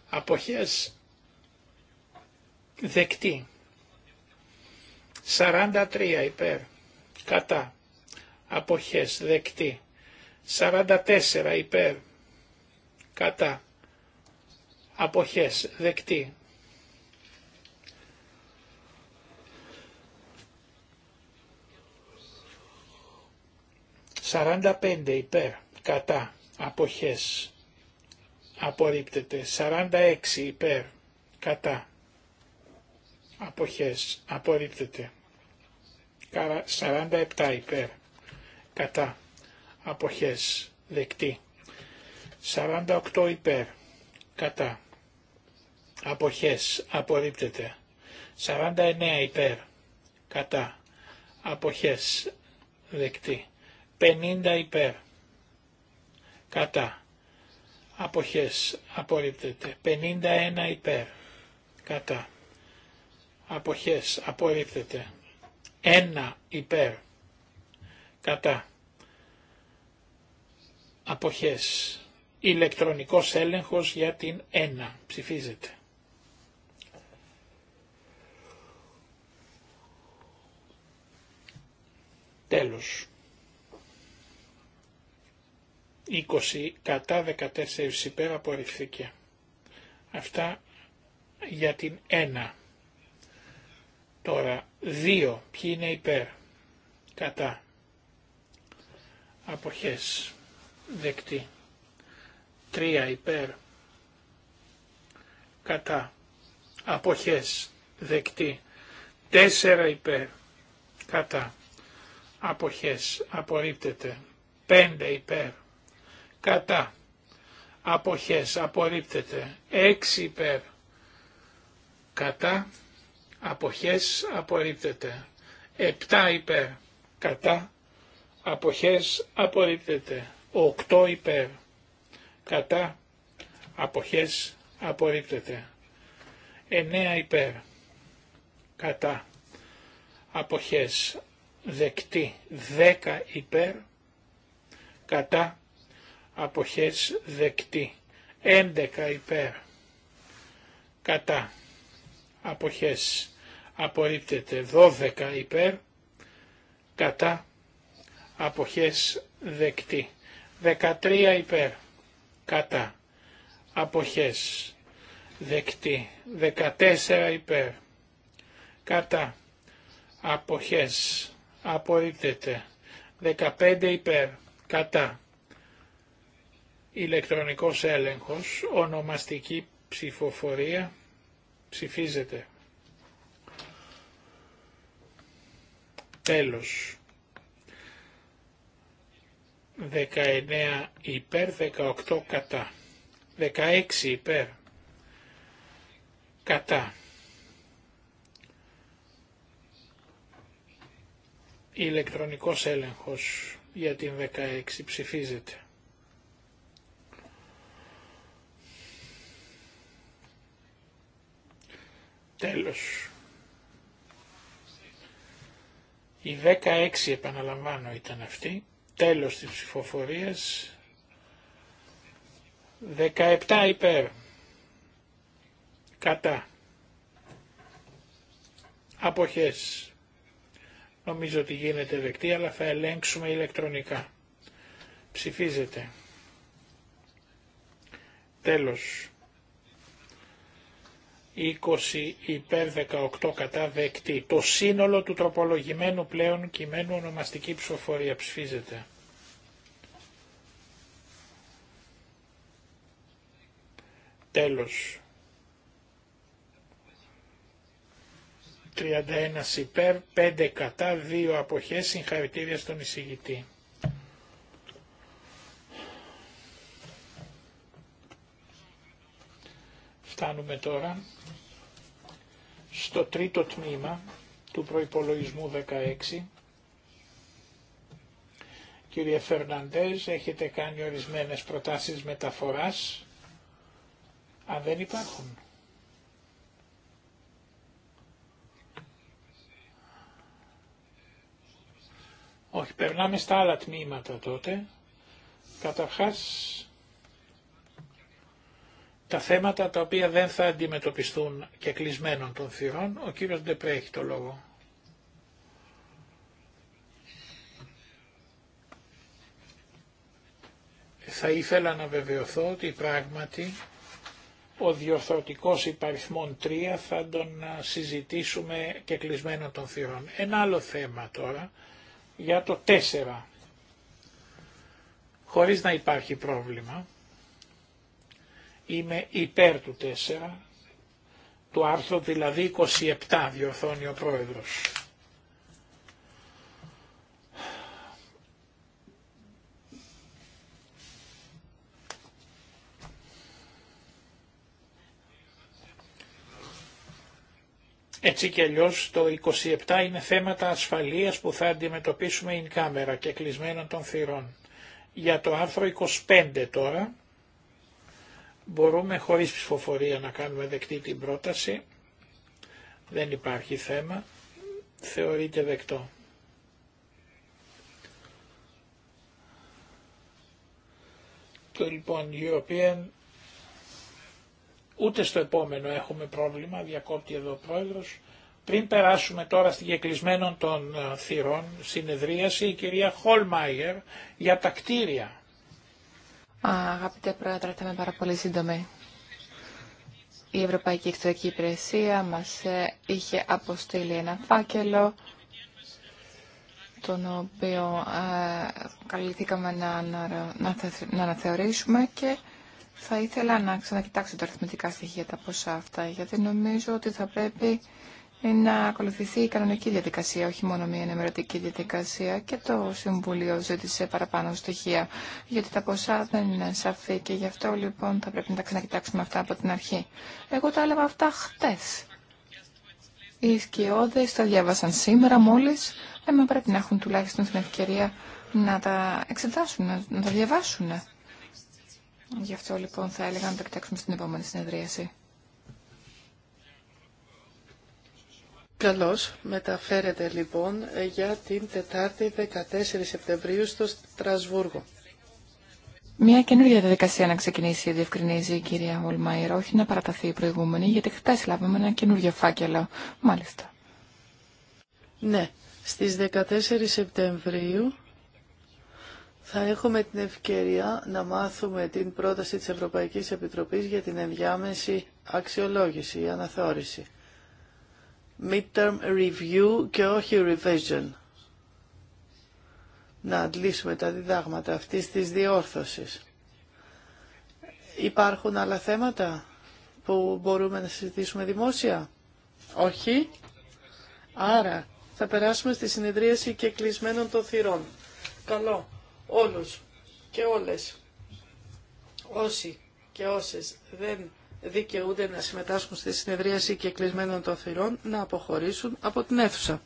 Αποχές δεκτή. 43 υπέρ. Κατά. Αποχές δεκτή. 44 υπέρ. Κατά. Αποχές δεκτή. 45 υπέρ κατά αποχές απορρίπτεται. 46 υπέρ κατά αποχές απορρίπτεται. 47 υπέρ κατά αποχές δεκτή. 48 υπέρ κατά αποχές απορρίπτεται. 49 υπέρ κατά αποχές δεκτή. 50 υπέρ. Κατά. Αποχές. Απορρίπτεται. 51 υπέρ. Κατά. Αποχές. Απορρίπτεται. 1 υπέρ. Κατά. Αποχές. Ηλεκτρονικός έλεγχος για την 1. Ψηφίζεται. Τέλος. 20 κατά 14 υπέρ απορριφθήκε. Αυτά για την 1. Τώρα 2. Ποιοι είναι υπέρ. Κατά. Αποχές. Δεκτή. 3. Υπέρ. Κατά. Αποχές. Δεκτή. 4. Υπέρ. Κατά. Αποχές. Απορρίπτεται. 5. Υπέρ κατά, αποχές, απορρίπτεται, 6 υπέρ, κατά, αποχές, απορρίπτεται, 7 υπέρ, κατά, αποχές, απορρίπτεται, 8 υπέρ, κατά, αποχές, απορρίπτεται, 9 υπέρ, κατά, αποχές, δεκτή, 10 υπέρ, κατά, αποχές δεκτή. 11 υπέρ κατά αποχές απορρίπτεται. 12 υπέρ κατά αποχές δεκτή. 13 υπέρ κατά αποχές δεκτή. 14 υπέρ κατά αποχές απορρίπτεται. 15 υπέρ κατά Ηλεκτρονικός έλεγχος, ονομαστική ψηφοφορία, ψηφίζεται. Τέλος. 19 υπέρ, 18 κατά. 16 υπέρ, κατά. Ηλεκτρονικός έλεγχος για την 16 ψηφίζεται. Τέλος. Η 16 επαναλαμβάνω ήταν αυτή. Τέλος της ψηφοφορίας. 17 υπέρ. Κατά. Αποχές. Νομίζω ότι γίνεται δεκτή αλλά θα ελέγξουμε ηλεκτρονικά. Ψηφίζεται. Τέλος. 20 υπέρ 18 κατά δεκτή. Το σύνολο του τροπολογημένου πλέον κειμένου ονομαστική ψηφοφορία ψηφίζεται. Τέλος. 31 υπέρ, 5 κατά, 2 αποχές, συγχαρητήρια στον εισηγητή. Φτάνουμε τώρα στο τρίτο τμήμα του προϋπολογισμού 16. Κύριε Φερνάντες έχετε κάνει ορισμένες προτάσεις μεταφοράς, αν δεν υπάρχουν. Όχι, περνάμε στα άλλα τμήματα τότε. Καταρχάς, τα θέματα τα οποία δεν θα αντιμετωπιστούν και κλεισμένων των θυρών. Ο κύριος Ντεπρέ έχει το λόγο. Θα ήθελα να βεβαιωθώ ότι πράγματι ο διορθωτικός υπαριθμών 3 θα τον συζητήσουμε και κλεισμένων των θυρών. Ένα άλλο θέμα τώρα για το 4. Χωρίς να υπάρχει πρόβλημα, Είμαι υπέρ του 4, του άρθρου δηλαδή 27 διορθώνει ο πρόεδρος. Έτσι κι αλλιώ το 27 είναι θέματα ασφαλείας που θα αντιμετωπίσουμε in κάμερα και κλεισμένων των θυρών. Για το άρθρο 25 τώρα, Μπορούμε χωρίς ψηφοφορία να κάνουμε δεκτή την πρόταση. Δεν υπάρχει θέμα. Θεωρείται δεκτό. Το λοιπόν European ούτε στο επόμενο έχουμε πρόβλημα, διακόπτει εδώ ο πρόεδρος. Πριν περάσουμε τώρα στην κεκλεισμένων των ε, θυρών συνεδρίαση, η κυρία Χολμάιερ για τα κτίρια. Αγαπητέ Πρόεδρε, θα είμαι πάρα πολύ σύντομη. Η Ευρωπαϊκή Εξωτερική Υπηρεσία μας ε, είχε αποστείλει ένα φάκελο τον οποίο ε, να, να, να, να αναθεωρήσουμε και θα ήθελα να ξανακοιτάξω τα αριθμητικά στοιχεία τα ποσά αυτά, γιατί νομίζω ότι θα πρέπει ε, να ακολουθηθεί η κανονική διαδικασία, όχι μόνο μια ενημερωτική διαδικασία και το Συμβούλιο ζήτησε παραπάνω στοιχεία, γιατί τα ποσά δεν είναι σαφή και γι' αυτό λοιπόν θα πρέπει να τα ξανακοιτάξουμε αυτά από την αρχή. Εγώ τα έλαβα αυτά χτες. Οι σκιώδες τα διάβασαν σήμερα μόλις, έμα ε, πρέπει να έχουν τουλάχιστον την ευκαιρία να τα εξετάσουν, να, τα διαβάσουν. Γι' αυτό λοιπόν θα έλεγα να τα κοιτάξουμε στην επόμενη συνεδρίαση. Καλώς, μεταφέρεται λοιπόν για την Τετάρτη 14 Σεπτεμβρίου στο Στρασβούργο. Μια καινούργια διαδικασία να ξεκινήσει, διευκρινίζει η κυρία Ολμαϊρό, όχι να παραταθεί η προηγούμενη, γιατί χθε λάβαμε ένα καινούργιο φάκελο. Μάλιστα. Ναι, στις 14 Σεπτεμβρίου θα έχουμε την ευκαιρία να μάθουμε την πρόταση της Ευρωπαϊκής Επιτροπής για την ενδιάμεση αξιολόγηση ή αναθεώρηση midterm review και όχι revision. Να αντλήσουμε τα διδάγματα αυτής της διόρθωσης. Υπάρχουν άλλα θέματα που μπορούμε να συζητήσουμε δημόσια. Όχι. Άρα θα περάσουμε στη συνεδρίαση και κλεισμένων των θυρών. Καλό όλους και όλες όσοι και όσες δεν δικαιούνται να συμμετάσχουν στη συνεδρίαση και κλεισμένων των θυρών να αποχωρήσουν από την αίθουσα.